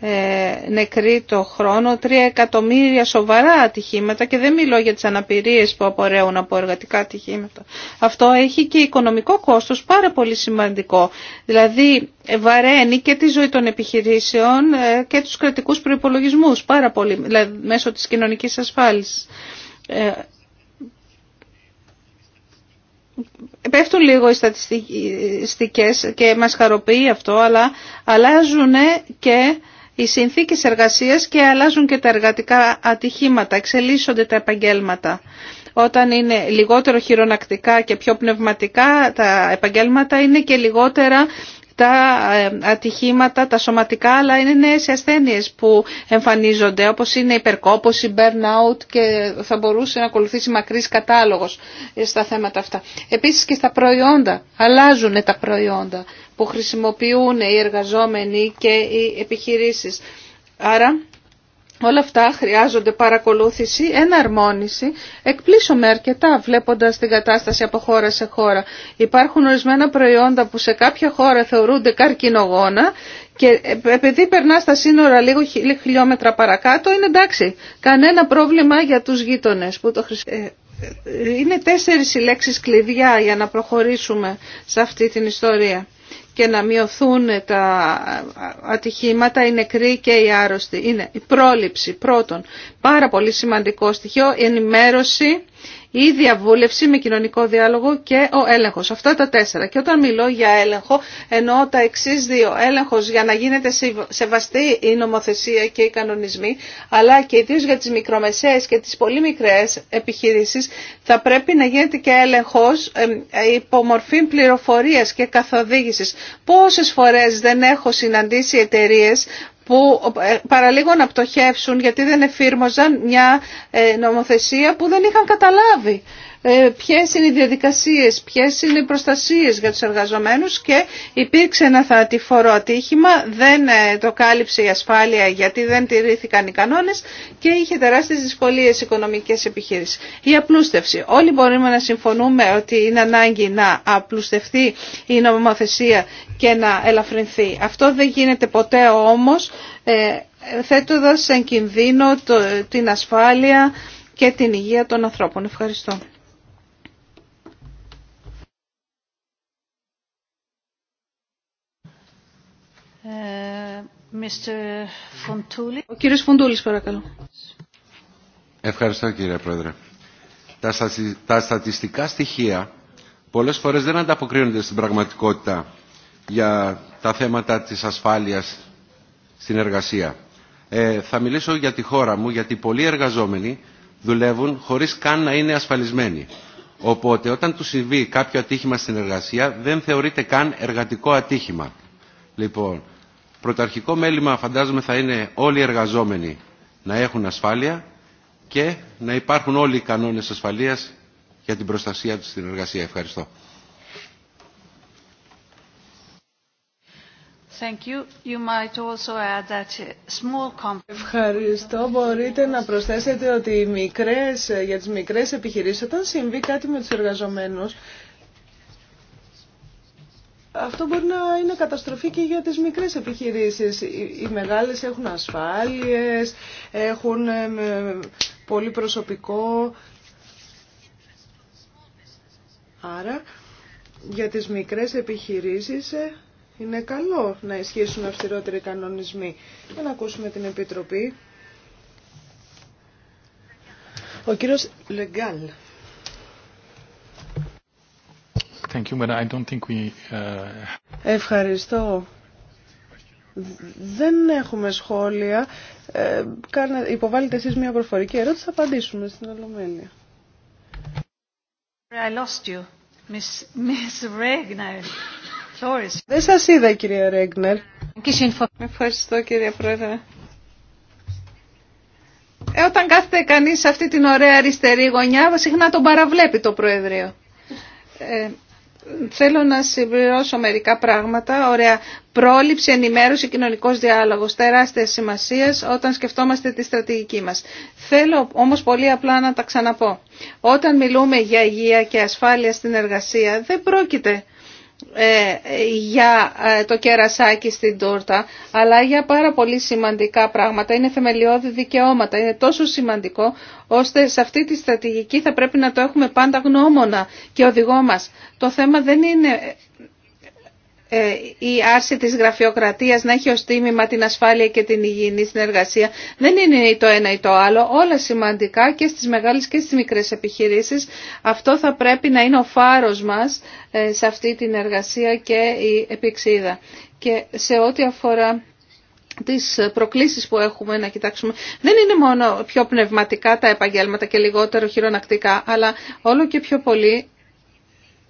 ε, νεκροί το χρόνο, 3 εκατομμύρια σοβαρά ατυχήματα και δεν μιλώ για τις αναπηρίες που απορρέουν από εργατικά ατυχήματα. Αυτό έχει και οικονομικό κόστος πάρα πολύ σημαντικό. Δηλαδή βαραίνει και τη ζωή των επιχειρήσεων ε, και τους κρατικούς προϋπολογισμούς πάρα πολύ, δηλαδή μέσω της κοινωνικής ασφάλισης. Ε, πέφτουν λίγο οι στατιστικές και μας χαροποιεί αυτό, αλλά αλλάζουν και οι συνθήκες εργασίας και αλλάζουν και τα εργατικά ατυχήματα, εξελίσσονται τα επαγγέλματα. Όταν είναι λιγότερο χειρονακτικά και πιο πνευματικά τα επαγγέλματα είναι και λιγότερα τα ε, ατυχήματα, τα σωματικά, αλλά είναι νέες ασθένειες που εμφανίζονται, όπως είναι υπερκόπωση, burnout και θα μπορούσε να ακολουθήσει μακρύς κατάλογος στα θέματα αυτά. Επίσης και στα προϊόντα, αλλάζουν τα προϊόντα που χρησιμοποιούν οι εργαζόμενοι και οι επιχειρήσεις. Άρα όλα αυτά χρειάζονται παρακολούθηση, εναρμόνιση. εκπλήσουμε αρκετά βλέποντας την κατάσταση από χώρα σε χώρα. Υπάρχουν ορισμένα προϊόντα που σε κάποια χώρα θεωρούνται καρκινογόνα και επειδή περνά στα σύνορα λίγο χιλιόμετρα παρακάτω είναι εντάξει. Κανένα πρόβλημα για τους γείτονες που το χρησιμοποιούν. Ε, ε, ε, είναι τέσσερις οι λέξεις κλειδιά για να προχωρήσουμε σε αυτή την ιστορία και να μειωθούν τα ατυχήματα, οι νεκροί και οι άρρωστοι. Είναι η πρόληψη πρώτον. Πάρα πολύ σημαντικό στοιχείο, η ενημέρωση η διαβούλευση με κοινωνικό διάλογο και ο έλεγχος. Αυτά τα τέσσερα. Και όταν μιλώ για έλεγχο, εννοώ τα εξή δύο. Έλεγχος για να γίνεται σεβαστή η νομοθεσία και οι κανονισμοί, αλλά και ιδίω για τι μικρομεσαίες και τις πολύ μικρές επιχειρήσεις, θα πρέπει να γίνεται και έλεγχος υπό μορφή πληροφορίας και καθοδήγηση. Πόσε φορέ δεν έχω συναντήσει εταιρείε που ε, παραλίγο να πτωχεύσουν γιατί δεν εφήρμοζαν μια ε, νομοθεσία που δεν είχαν καταλάβει. Ε, ποιες είναι οι διαδικασίες, ποιες είναι οι προστασίες για τους εργαζομένους και υπήρξε ένα θανατηφόρο ατύχημα, δεν ε, το κάλυψε η ασφάλεια γιατί δεν τηρήθηκαν οι κανόνες και είχε τεράστιες δυσκολίες οικονομικές επιχείρησεις. Η απλούστευση. Όλοι μπορούμε να συμφωνούμε ότι είναι ανάγκη να απλουστευτεί η νομοθεσία και να ελαφρυνθεί. Αυτό δεν γίνεται ποτέ όμως ε, θέτοντας σε κινδύνο την ασφάλεια και την υγεία των ανθρώπων. Ευχαριστώ. Ε, Ο κύριος παρακαλώ. Ευχαριστώ κύριε Πρόεδρε. Τα, τα στατιστικά στοιχεία πολλές φορές δεν ανταποκρίνονται στην πραγματικότητα για τα θέματα της ασφάλειας στην εργασία. Ε, θα μιλήσω για τη χώρα μου, γιατί πολλοί εργαζόμενοι δουλεύουν χωρίς καν να είναι ασφαλισμένοι. Οπότε όταν του συμβεί κάποιο ατύχημα στην εργασία δεν θεωρείται καν εργατικό ατύχημα. Λοιπόν, Πρωταρχικό μέλημα φαντάζομαι θα είναι όλοι οι εργαζόμενοι να έχουν ασφάλεια και να υπάρχουν όλοι οι κανόνες ασφαλείας για την προστασία τους στην εργασία. Ευχαριστώ. Thank you. You might also add that small Ευχαριστώ. Μπορείτε να προσθέσετε ότι μικρές, για τις μικρές επιχειρήσεις όταν συμβεί κάτι με τους εργαζομένους αυτό μπορεί να είναι καταστροφή και για τις μικρές επιχειρήσεις. Οι μεγάλες έχουν ασφάλειες, έχουν ε, πολύ προσωπικό. Άρα για τις μικρές επιχειρήσεις ε, είναι καλό να ισχύσουν αυστηρότεροι κανονισμοί. Για να ακούσουμε την Επιτροπή. Ο κύριος Λεγκάλ. Uh, Ευχαριστώ. Δεν έχουμε σχόλια. Ε, υποβάλλετε εσείς μια προφορική ερώτηση, θα απαντήσουμε στην Ολομέλεια. I lost you. Miss, Miss Regner. Δεν σας είδα κυρία Ρέγνερ. Ευχαριστώ κυρία Πρόεδρε. Ε, όταν κάθεται κανείς σε αυτή την ωραία αριστερή γωνιά, συχνά τον παραβλέπει το Προεδρείο. Ε, Θέλω να συμπληρώσω μερικά πράγματα. Ωραία. Πρόληψη, ενημέρωση, κοινωνικός διάλογος. Τεράστια σημασία όταν σκεφτόμαστε τη στρατηγική μας. Θέλω όμως πολύ απλά να τα ξαναπώ. Όταν μιλούμε για υγεία και ασφάλεια στην εργασία δεν πρόκειται ε, για ε, το κερασάκι στην τούρτα, αλλά για πάρα πολύ σημαντικά πράγματα. Είναι θεμελιώδη δικαιώματα. Είναι τόσο σημαντικό, ώστε σε αυτή τη στρατηγική θα πρέπει να το έχουμε πάντα γνώμονα και οδηγό μας. Το θέμα δεν είναι ε, η άρση της γραφειοκρατίας να έχει ως τίμημα την ασφάλεια και την υγιεινή συνεργασία δεν είναι το ένα ή το άλλο, όλα σημαντικά και στις μεγάλες και στις μικρές επιχειρήσεις. Αυτό θα πρέπει να είναι ο φάρος μας ε, σε αυτή την εργασία και η επεξίδα. Και σε ό,τι αφορά τις προκλήσεις που έχουμε να κοιτάξουμε δεν είναι μόνο πιο πνευματικά τα επαγγέλματα και λιγότερο χειρονακτικά αλλά όλο και πιο πολύ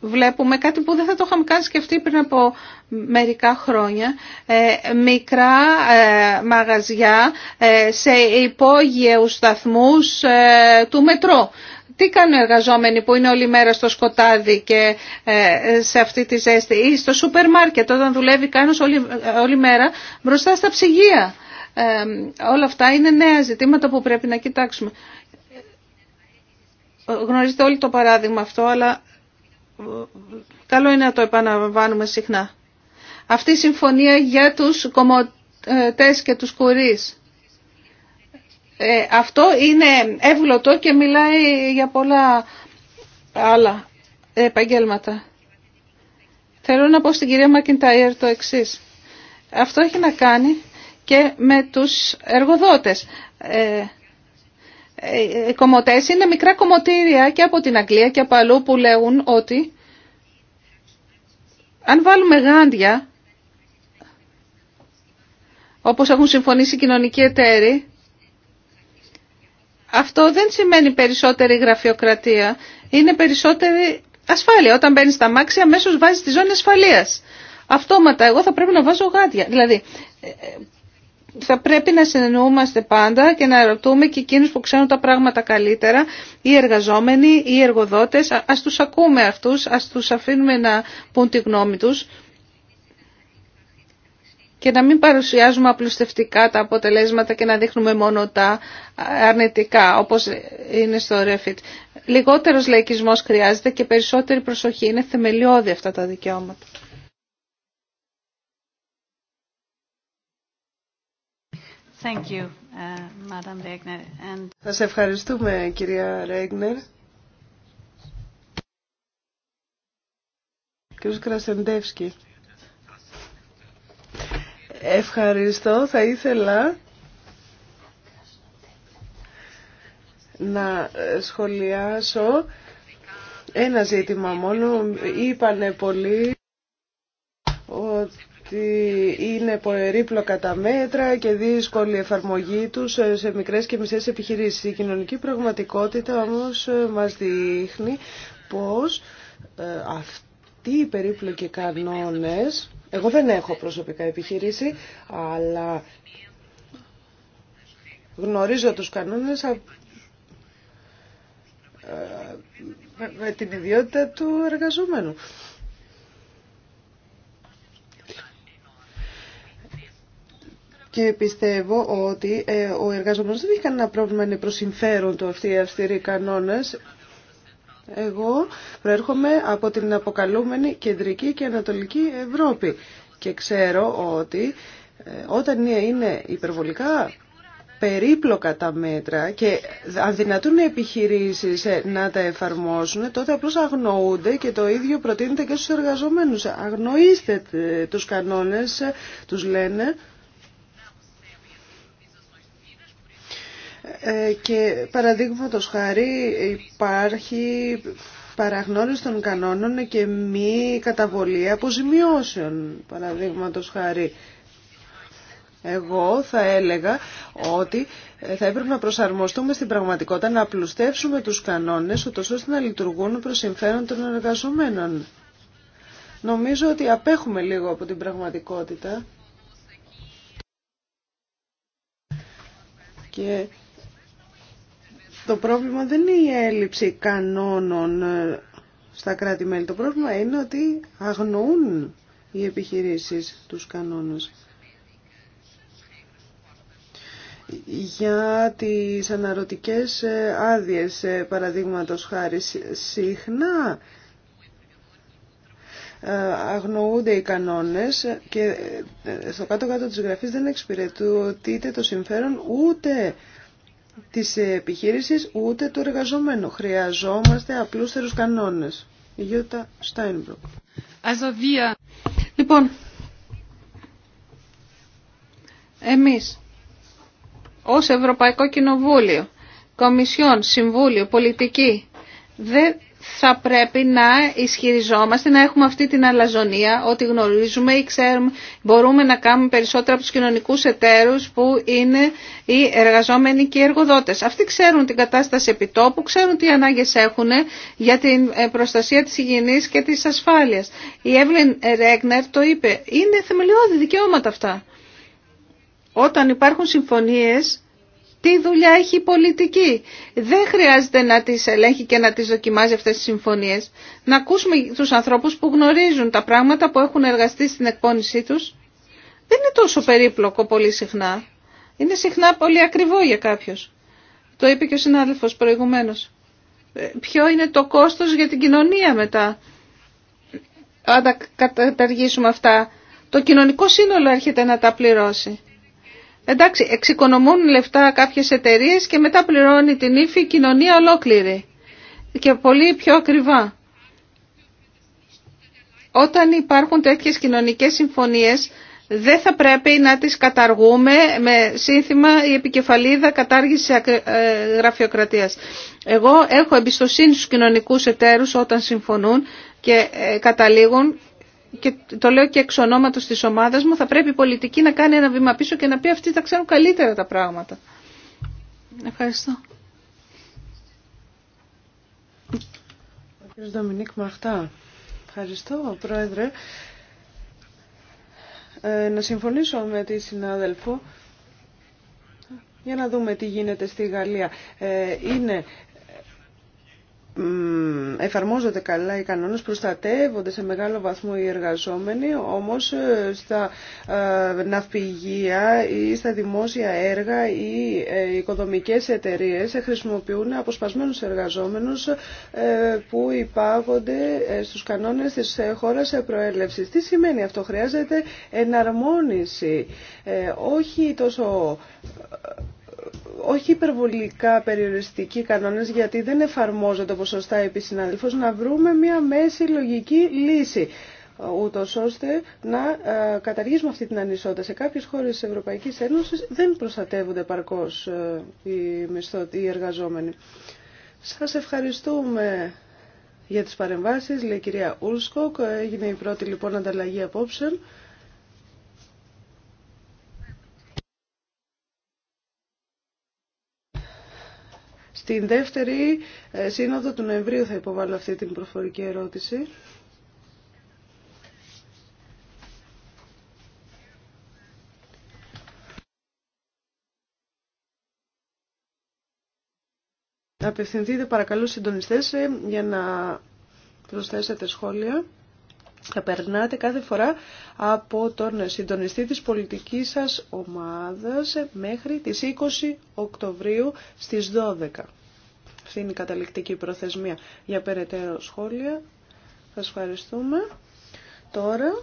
βλέπουμε κάτι που δεν θα το είχαμε καν σκεφτεί πριν από μερικά χρόνια. Ε, μικρά ε, μαγαζιά ε, σε υπόγειους σταθμούς του μετρό. Τι κάνουν οι εργαζόμενοι που είναι όλη μέρα στο σκοτάδι και σε αυτή τη ζέστη ή στο σούπερ μάρκετ όταν δουλεύει κάνος όλη, όλη μέρα μπροστά στα ψυγεία. όλα αυτά είναι νέα ζητήματα που πρέπει να κοιτάξουμε. Γνωρίζετε όλοι το παράδειγμα αυτό, αλλά καλό είναι να το επαναλαμβάνουμε συχνά. Αυτή η συμφωνία για τους κομμωτές και τους κουρίς. Ε, αυτό είναι εύγλωτο και μιλάει για πολλά άλλα επαγγέλματα. Θέλω να πω στην κυρία Μακιντάιερ το εξής. Αυτό έχει να κάνει και με τους εργοδότες. Ε, οι ε, ε, κομμωτές είναι μικρά κομμωτήρια και από την Αγγλία και από αλλού που λέγουν ότι αν βάλουμε γάντια, όπως έχουν συμφωνήσει οι κοινωνικοί εταίροι, αυτό δεν σημαίνει περισσότερη γραφειοκρατία, είναι περισσότερη ασφάλεια. Όταν μπαίνει στα μάξια, αμέσω βάζει τη ζώνη ασφαλείας. Αυτόματα, εγώ θα πρέπει να βάζω γάντια. Δηλαδή, ε, θα πρέπει να συνεννοούμαστε πάντα και να ρωτούμε και εκείνους που ξέρουν τα πράγματα καλύτερα, οι εργαζόμενοι, οι εργοδότες, ας τους ακούμε αυτούς, ας τους αφήνουμε να πούν τη γνώμη τους και να μην παρουσιάζουμε απλουστευτικά τα αποτελέσματα και να δείχνουμε μόνο τα αρνητικά, όπως είναι στο Refit. Λιγότερος λαϊκισμός χρειάζεται και περισσότερη προσοχή. Είναι θεμελιώδη αυτά τα δικαιώματα. Thank uh, ευχαριστούμε, κυρία Ρέγνερ. Κύριο Κρασεντεύσκη. Ευχαριστώ. Θα ήθελα να σχολιάσω ένα ζήτημα μόνο. Είπανε πολύ ότι ότι είναι περίπλοκα τα μέτρα και δύσκολη εφαρμογή τους σε μικρές και μισές επιχειρήσεις. Η κοινωνική πραγματικότητα όμως μας δείχνει πως ε, αυτοί οι περίπλοκοι κανόνες, εγώ δεν έχω προσωπικά επιχείρηση, αλλά γνωρίζω τους κανόνες ε, με την ιδιότητα του εργαζόμενου. και πιστεύω ότι ε, ο εργαζόμενος δεν έχει κανένα πρόβλημα να προσυμφέρουν προς συμφέρον αυτοί οι αυστηροί κανόνες. Εγώ προέρχομαι από την αποκαλούμενη κεντρική και ανατολική Ευρώπη και ξέρω ότι ε, όταν είναι υπερβολικά περίπλοκα τα μέτρα και αδυνατούν οι επιχειρήσεις ε, να τα εφαρμόσουν, τότε απλώς αγνοούνται και το ίδιο προτείνεται και στους εργαζομένους. Αγνοήστε τους κανόνες, τους λένε. Ε, και παραδείγματος χάρη υπάρχει παραγνώριση των κανόνων και μη καταβολή αποζημιώσεων παραδείγματος χάρη. Εγώ θα έλεγα ότι θα έπρεπε να προσαρμοστούμε στην πραγματικότητα, να απλουστεύσουμε τους κανόνες, ώστε να λειτουργούν προς συμφέρον των εργαζομένων. Νομίζω ότι απέχουμε λίγο από την πραγματικότητα. Το πρόβλημα δεν είναι η έλλειψη κανόνων ε, στα κράτη-μέλη. Το πρόβλημα είναι ότι αγνοούν οι επιχειρήσεις τους κανόνες. Για τις αναρωτικές ε, άδειες, ε, παραδείγματος χάρη, συχνά αγνοούνται οι κανόνες και στο κάτω-κάτω της γραφής δεν εξυπηρετούνται ούτε το συμφέρον ούτε της επιχείρησης ούτε του εργαζομένου. Χρειαζόμαστε απλούστερους κανόνες. Γιώτα Στάινμπρουκ. Λοιπόν, εμείς ως Ευρωπαϊκό Κοινοβούλιο, Κομισιόν, Συμβούλιο, Πολιτική δεν θα πρέπει να ισχυριζόμαστε, να έχουμε αυτή την αλαζονία, ότι γνωρίζουμε ή ξέρουμε, μπορούμε να κάνουμε περισσότερα από τους κοινωνικούς εταίρους που είναι οι εργαζόμενοι και οι εργοδότες. Αυτοί ξέρουν την κατάσταση επιτόπου, ξέρουν τι ανάγκες έχουν για την ε, προστασία της υγιεινής και της ασφάλειας. Η Εύλεν Ρέγνερ το είπε, είναι θεμελιώδη δικαιώματα αυτά. Όταν υπάρχουν συμφωνίες τι δουλειά έχει η πολιτική. Δεν χρειάζεται να τις ελέγχει και να τις δοκιμάζει αυτές τις συμφωνίες. Να ακούσουμε τους ανθρώπους που γνωρίζουν τα πράγματα που έχουν εργαστεί στην εκπόνησή τους. Δεν είναι τόσο περίπλοκο πολύ συχνά. Είναι συχνά πολύ ακριβό για κάποιους. Το είπε και ο συνάδελφος προηγουμένως. Ε, ποιο είναι το κόστος για την κοινωνία μετά. Αν τα καταργήσουμε αυτά. Το κοινωνικό σύνολο έρχεται να τα πληρώσει. Εντάξει, εξοικονομούν λεφτά κάποιες εταιρείες και μετά πληρώνει την ύφη η κοινωνία ολόκληρη και πολύ πιο ακριβά. Όταν υπάρχουν τέτοιες κοινωνικές συμφωνίες δεν θα πρέπει να τις καταργούμε με σύνθημα η επικεφαλίδα κατάργηση ε, γραφειοκρατίας. Εγώ έχω εμπιστοσύνη στους κοινωνικούς εταίρους όταν συμφωνούν και ε, καταλήγουν και το λέω και εξ ονόματος της ομάδας μου, θα πρέπει η πολιτική να κάνει ένα βήμα πίσω και να πει αυτοί τα ξέρουν καλύτερα τα πράγματα. Ευχαριστώ. Ο κ. Δομινίκ Μαχτά. Ευχαριστώ, Πρόεδρε. Ε, να συμφωνήσω με τη συνάδελφο. Για να δούμε τι γίνεται στη Γαλλία. Ε, είναι εφαρμόζονται καλά οι κανόνες, προστατεύονται σε μεγάλο βαθμό οι εργαζόμενοι, όμως ε, στα ε, ναυπηγεία ή στα δημόσια έργα ή ε, οικοδομικές εταιρείες χρησιμοποιούν αποσπασμένους εργαζόμενους που υπάγονται στους κανόνες της χώρας προέλευσης. Τι σημαίνει αυτό, χρειάζεται εναρμόνιση, όχι τόσο όχι υπερβολικά περιοριστικοί κανόνες γιατί δεν εφαρμόζονται όπως σωστά επί συναδελφός, να βρούμε μια μέση λογική λύση ούτω ώστε να ε, καταργήσουμε αυτή την ανισότητα. Σε κάποιες χώρες της Ευρωπαϊκής Ένωσης δεν προστατεύονται παρκώς ε, οι εργαζόμενοι. Σας ευχαριστούμε για τις παρεμβάσεις, λέει η κυρία Ούλσκοκ. Έγινε η πρώτη λοιπόν ανταλλαγή απόψεων. Στην δεύτερη ε, σύνοδο του Νοεμβρίου θα υποβάλω αυτή την προφορική ερώτηση. Απευθυνθείτε παρακαλώ συντονιστές ε, για να προσθέσετε σχόλια. Θα περνάτε κάθε φορά από τον συντονιστή της πολιτικής σας ομάδας μέχρι τις 20 Οκτωβρίου στις 12. Αυτή είναι καταληκτική προθεσμία για περαιτέρω σχόλια. Σας ευχαριστούμε. Τώρα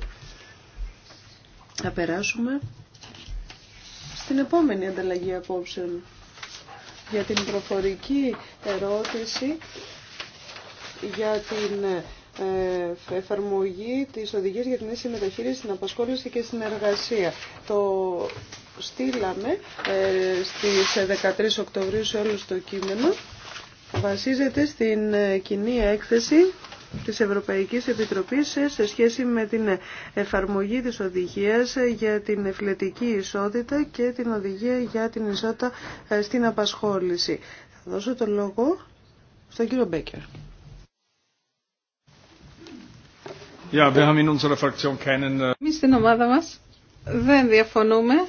θα περάσουμε στην επόμενη ανταλλαγή απόψεων για την προφορική ερώτηση για την ε, εφαρμογή της οδηγίας για την ίση μεταχείριση στην απασχόληση και στην εργασία. Το στείλαμε ε, στις 13 Οκτωβρίου σε όλους το κείμενο βασίζεται στην ε, κοινή έκθεση της Ευρωπαϊκής Επιτροπής σε σχέση με την εφαρμογή της οδηγίας ε, για την εφηλετική ισότητα και την οδηγία για την ισότητα ε, στην απασχόληση. Θα δώσω το λόγο στον κύριο Μπέκερ. Äh, Εμεί στην ομάδα μας δεν διαφωνούμε,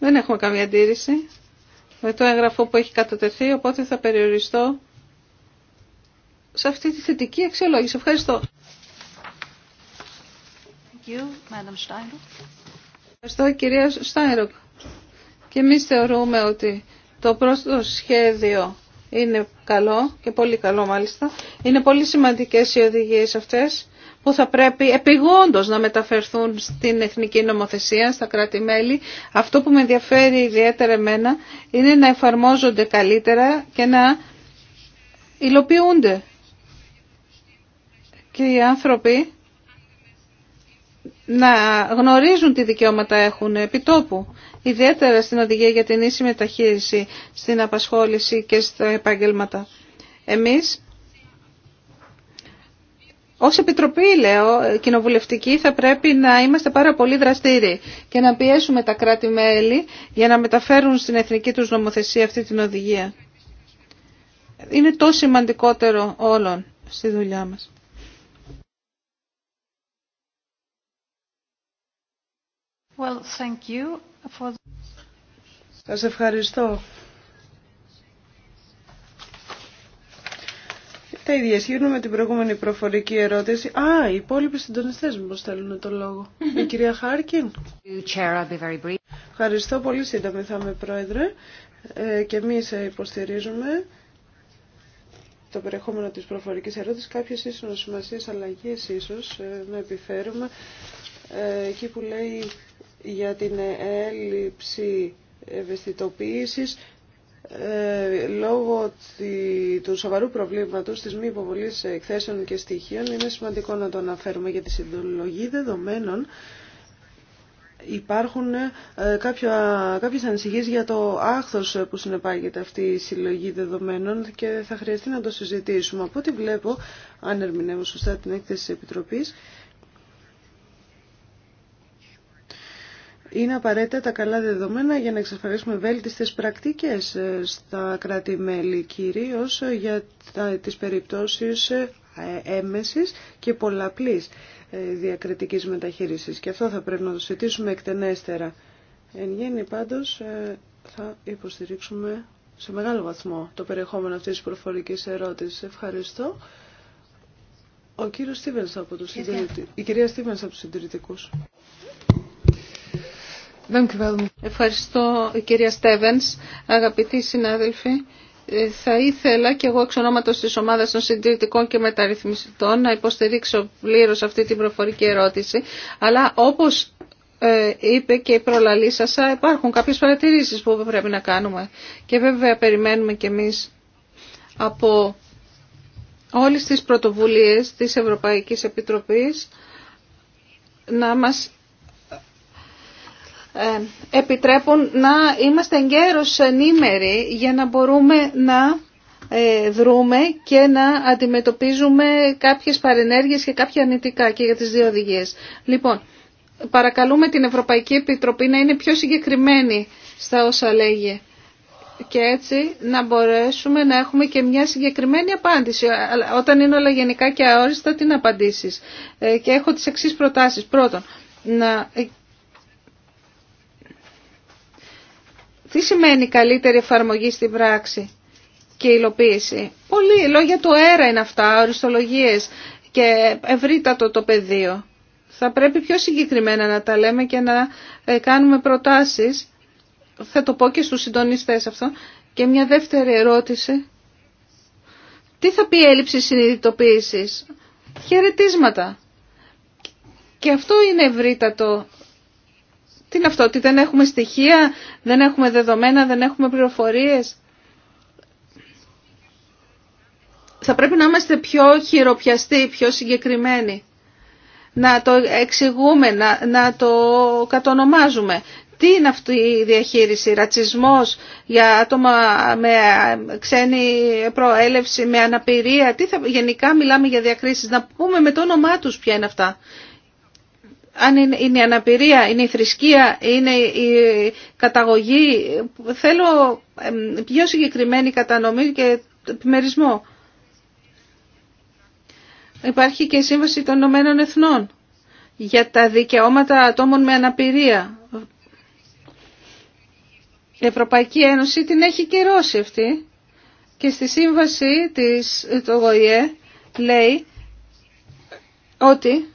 δεν έχουμε καμία αντίρρηση με το έγγραφο που έχει κατατεθεί, οπότε θα περιοριστώ σε αυτή τη θετική αξιολόγηση. Ευχαριστώ. Ευχαριστώ κυρία Στάινροκ. Και εμεί θεωρούμε ότι το πρώτο σχέδιο είναι καλό και πολύ καλό μάλιστα. Είναι πολύ σημαντικές οι οδηγίες αυτές που θα πρέπει επιγόντως να μεταφερθούν στην εθνική νομοθεσία, στα κράτη-μέλη. Αυτό που με ενδιαφέρει ιδιαίτερα εμένα είναι να εφαρμόζονται καλύτερα και να υλοποιούνται. Και οι άνθρωποι να γνωρίζουν τι δικαιώματα έχουν επί τόπου, ιδιαίτερα στην οδηγία για την ίση μεταχείριση, στην απασχόληση και στα επάγγελματα. Εμείς ως Επιτροπή, λέω, κοινοβουλευτική, θα πρέπει να είμαστε πάρα πολύ δραστήριοι και να πιέσουμε τα κράτη-μέλη για να μεταφέρουν στην εθνική τους νομοθεσία αυτή την οδηγία. Είναι το σημαντικότερο όλων στη δουλειά μας. Well, thank you for... Σας ευχαριστώ Τα ίδια με την προηγούμενη προφορική ερώτηση. Α, οι υπόλοιποι συντονιστές μου στέλνουν το λόγο. Η κυρία Χάρκιν. Ευχαριστώ πολύ σύντομη θα είμαι πρόεδρε. Ε, και εμείς υποστηρίζουμε το περιεχόμενο της προφορικής ερώτησης. Κάποιες ίσως σημασίες αλλαγές ίσως να επιφέρουμε. Ε, εκεί που λέει για την έλλειψη ευαισθητοποίησης ε, λόγω του σοβαρού προβλήματος της μη υποβολής εκθέσεων και στοιχείων είναι σημαντικό να το αναφέρουμε για τη συντολογή δεδομένων υπάρχουν ε, κάποια, κάποιες ανησυχίες για το άχθος που συνεπάγεται αυτή η συλλογή δεδομένων και θα χρειαστεί να το συζητήσουμε. Από ό,τι βλέπω, αν ερμηνεύω σωστά την έκθεση της Επιτροπής, είναι απαραίτητα τα καλά δεδομένα για να εξασφαλίσουμε βέλτιστες πρακτικές ε, στα κράτη-μέλη, κυρίως ε, για τις περιπτώσεις ε, έμεσης και πολλαπλής διακριτικής μεταχείρισης. Και αυτό θα πρέπει να το συζητήσουμε εκτενέστερα. Εν γέννη πάντως θα υποστηρίξουμε σε μεγάλο βαθμό το περιεχόμενο αυτής της προφορικής ερώτησης. Ευχαριστώ. Ο κύριος Η κυρία Στίβενς από τους συντηρητικούς. Ευχαριστώ κυρία Στέβενς, αγαπητοί συνάδελφοι. Ε, θα ήθελα και εγώ εξ ονόματος της ομάδας των συντηρητικών και μεταρρυθμιστών να υποστηρίξω πλήρως αυτή την προφορική ερώτηση. Αλλά όπως ε, είπε και η προλαλή σας, υπάρχουν κάποιες παρατηρήσεις που πρέπει να κάνουμε. Και βέβαια περιμένουμε και εμείς από όλες τις πρωτοβουλίες της Ευρωπαϊκής Επιτροπής να μας ε, επιτρέπουν να είμαστε εγκαίρως ενήμεροι για να μπορούμε να ε, δρούμε και να αντιμετωπίζουμε κάποιες παρενέργειες και κάποια ανητικά και για τις δύο οδηγίες. Λοιπόν, παρακαλούμε την Ευρωπαϊκή Επιτροπή να είναι πιο συγκεκριμένη στα όσα λέγει και έτσι να μπορέσουμε να έχουμε και μια συγκεκριμένη απάντηση όταν είναι όλα γενικά και αόριστα την απαντήσεις ε, και έχω τις εξής προτάσεις πρώτον να Τι σημαίνει καλύτερη εφαρμογή στην πράξη και υλοποίηση. Πολύ λόγια του αέρα είναι αυτά, οριστολογίες και ευρύτατο το πεδίο. Θα πρέπει πιο συγκεκριμένα να τα λέμε και να ε, κάνουμε προτάσεις. Θα το πω και στους συντονιστές αυτό. Και μια δεύτερη ερώτηση. Τι θα πει έλλειψη συνειδητοποίησης. Χαιρετίσματα. Και αυτό είναι ευρύτατο τι είναι αυτό, ότι δεν έχουμε στοιχεία, δεν έχουμε δεδομένα, δεν έχουμε πληροφορίες. Θα πρέπει να είμαστε πιο χειροπιαστοί, πιο συγκεκριμένοι. Να το εξηγούμε, να, το κατονομάζουμε. Τι είναι αυτή η διαχείριση, ρατσισμός για άτομα με ξένη προέλευση, με αναπηρία, τι θα, γενικά μιλάμε για διακρίσεις, να πούμε με το όνομά τους ποια είναι αυτά αν είναι η αναπηρία, είναι η θρησκεία, είναι η καταγωγή. Θέλω πιο συγκεκριμένη κατανομή και επιμερισμό. Υπάρχει και η Σύμβαση των Ηνωμένων Εθνών για τα δικαιώματα ατόμων με αναπηρία. Η Ευρωπαϊκή Ένωση την έχει κυρώσει αυτή και στη σύμβαση της, το ΓΟΙΕ λέει ότι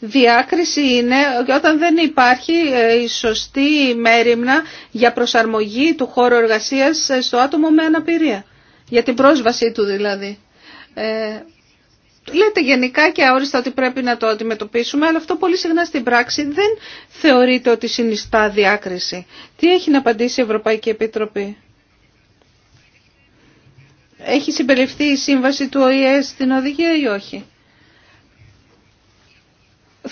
διάκριση είναι όταν δεν υπάρχει ε, η σωστή μέρημνα για προσαρμογή του χώρου εργασίας στο άτομο με αναπηρία. Για την πρόσβασή του δηλαδή. Ε, λέτε γενικά και αόριστα ότι πρέπει να το αντιμετωπίσουμε, αλλά αυτό πολύ συχνά στην πράξη δεν θεωρείται ότι συνιστά διάκριση. Τι έχει να απαντήσει η Ευρωπαϊκή Επιτροπή. Έχει συμπεριληφθεί η σύμβαση του ΟΗΕ στην οδηγία ή όχι.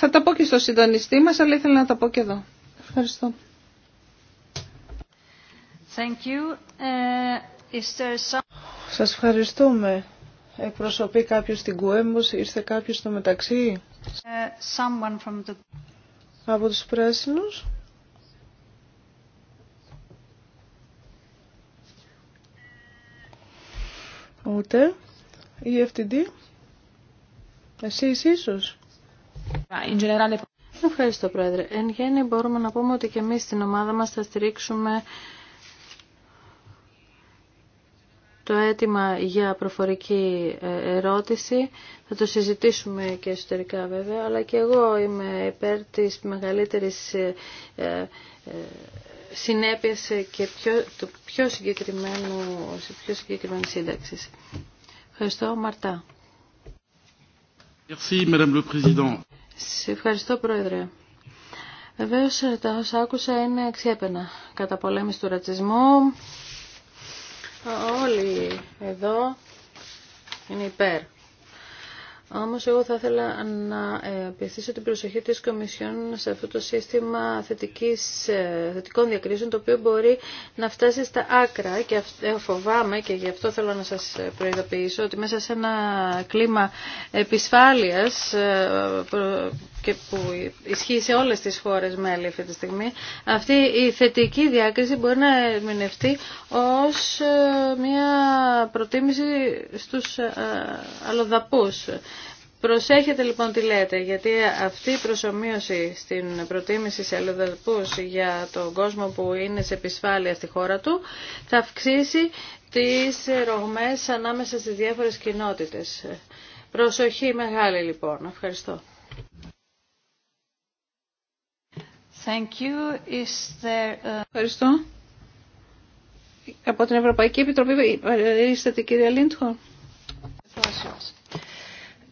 Θα τα πω και στο συντονιστή μας, αλλά ήθελα να τα πω και εδώ. Ευχαριστώ. Thank you. Uh, is there some... Σας ευχαριστούμε. Εκπροσωπεί κάποιος την Κουέμπος, ήρθε κάποιος στο μεταξύ. Uh, from the... Από τους πράσινους. Ούτε. Η FTD. Εσείς ίσως. Ευχαριστώ, Πρόεδρε. Εν γέννη μπορούμε να πούμε ότι και εμείς στην ομάδα μας θα στηρίξουμε το αίτημα για προφορική ε, ερώτηση. Θα το συζητήσουμε και εσωτερικά βέβαια, αλλά και εγώ είμαι υπέρ της μεγαλύτερης ε, ε, συνέπειας και πιο, του πιο συγκεκριμένου, σε πιο συγκεκριμένη σύνταξη. Ευχαριστώ, Μαρτά. Merci, Madame le Président. Σε ευχαριστώ Πρόεδρε. Βεβαίω τα όσα άκουσα είναι αξιέπαινα. Κατά πολέμηση του ρατσισμού όλοι εδώ είναι υπέρ. Όμως εγώ θα ήθελα να ε, πιστήσω την προσοχή της Κομισιόν σε αυτό το σύστημα θετικής, ε, θετικών διακρίσεων το οποίο μπορεί να φτάσει στα άκρα και ε, φοβάμαι και γι' αυτό θέλω να σας προειδοποιήσω ότι μέσα σε ένα κλίμα επισφάλειας και που ισχύει σε όλες τις χώρες μέλη αυτή τη στιγμή, αυτή η θετική διάκριση μπορεί να ερμηνευτεί ως ε, μια προτίμηση στους ε, αλλοδαπούς. Προσέχετε λοιπόν τι λέτε, γιατί αυτή η προσωμείωση στην προτίμηση σε αλλοδαπούς για τον κόσμο που είναι σε επισφάλεια στη χώρα του θα αυξήσει τις ρογμές ανάμεσα στις διάφορες κοινότητες. Προσοχή μεγάλη λοιπόν. Ευχαριστώ. Thank Ευχαριστώ. Από την Ευρωπαϊκή Επιτροπή είστε την κυρία Λίντχορ.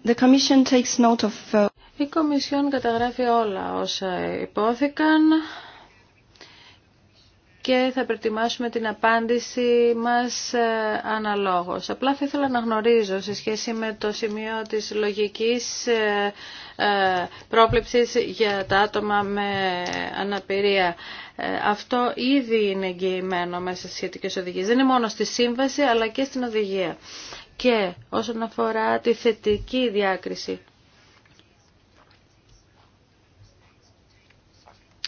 Uh, Η Κομισιόν καταγράφει όλα όσα υπόθηκαν και θα προετοιμάσουμε την απάντηση μας ε, αναλόγως. Απλά θα ήθελα να γνωρίζω σε σχέση με το σημείο της λογικής ε, ε, πρόβλεψης για τα άτομα με αναπηρία. Αυτό ήδη είναι εγγυημένο μέσα στις σχετικές οδηγίες. Δεν είναι μόνο στη σύμβαση αλλά και στην οδηγία. Και όσον αφορά τη θετική διάκριση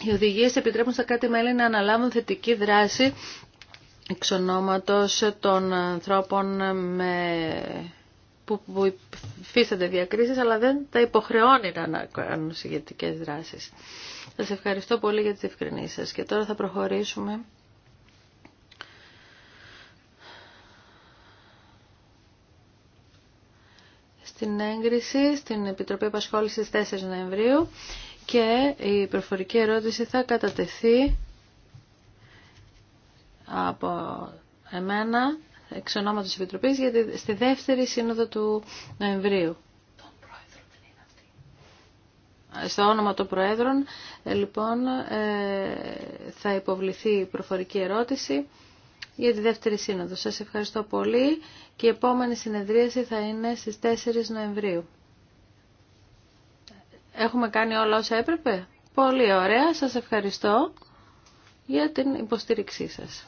Οι οδηγίες επιτρέπουν στα κάτι μελη να αναλάβουν θετική δράση εξ των ανθρώπων με... που, υφίστανται διακρίσεις, αλλά δεν τα υποχρεώνει να κάνουν συγκεκριτικές δράσεις. Σας ευχαριστώ πολύ για τις ευκρινήσεις σας και τώρα θα προχωρήσουμε. στην έγκριση στην Επιτροπή Επασχόλησης 4 Νοεμβρίου και η προφορική ερώτηση θα κατατεθεί από εμένα εξ ονόματος Επιτροπής γιατί στη δεύτερη σύνοδο του Νοεμβρίου. Στο όνομα των Προέδρων, ε, λοιπόν, ε, θα υποβληθεί η προφορική ερώτηση για τη δεύτερη σύνοδο. Σας ευχαριστώ πολύ και η επόμενη συνεδρίαση θα είναι στις 4 Νοεμβρίου. Έχουμε κάνει όλα όσα έπρεπε. Πολύ ωραία. Σας ευχαριστώ για την υποστήριξή σας.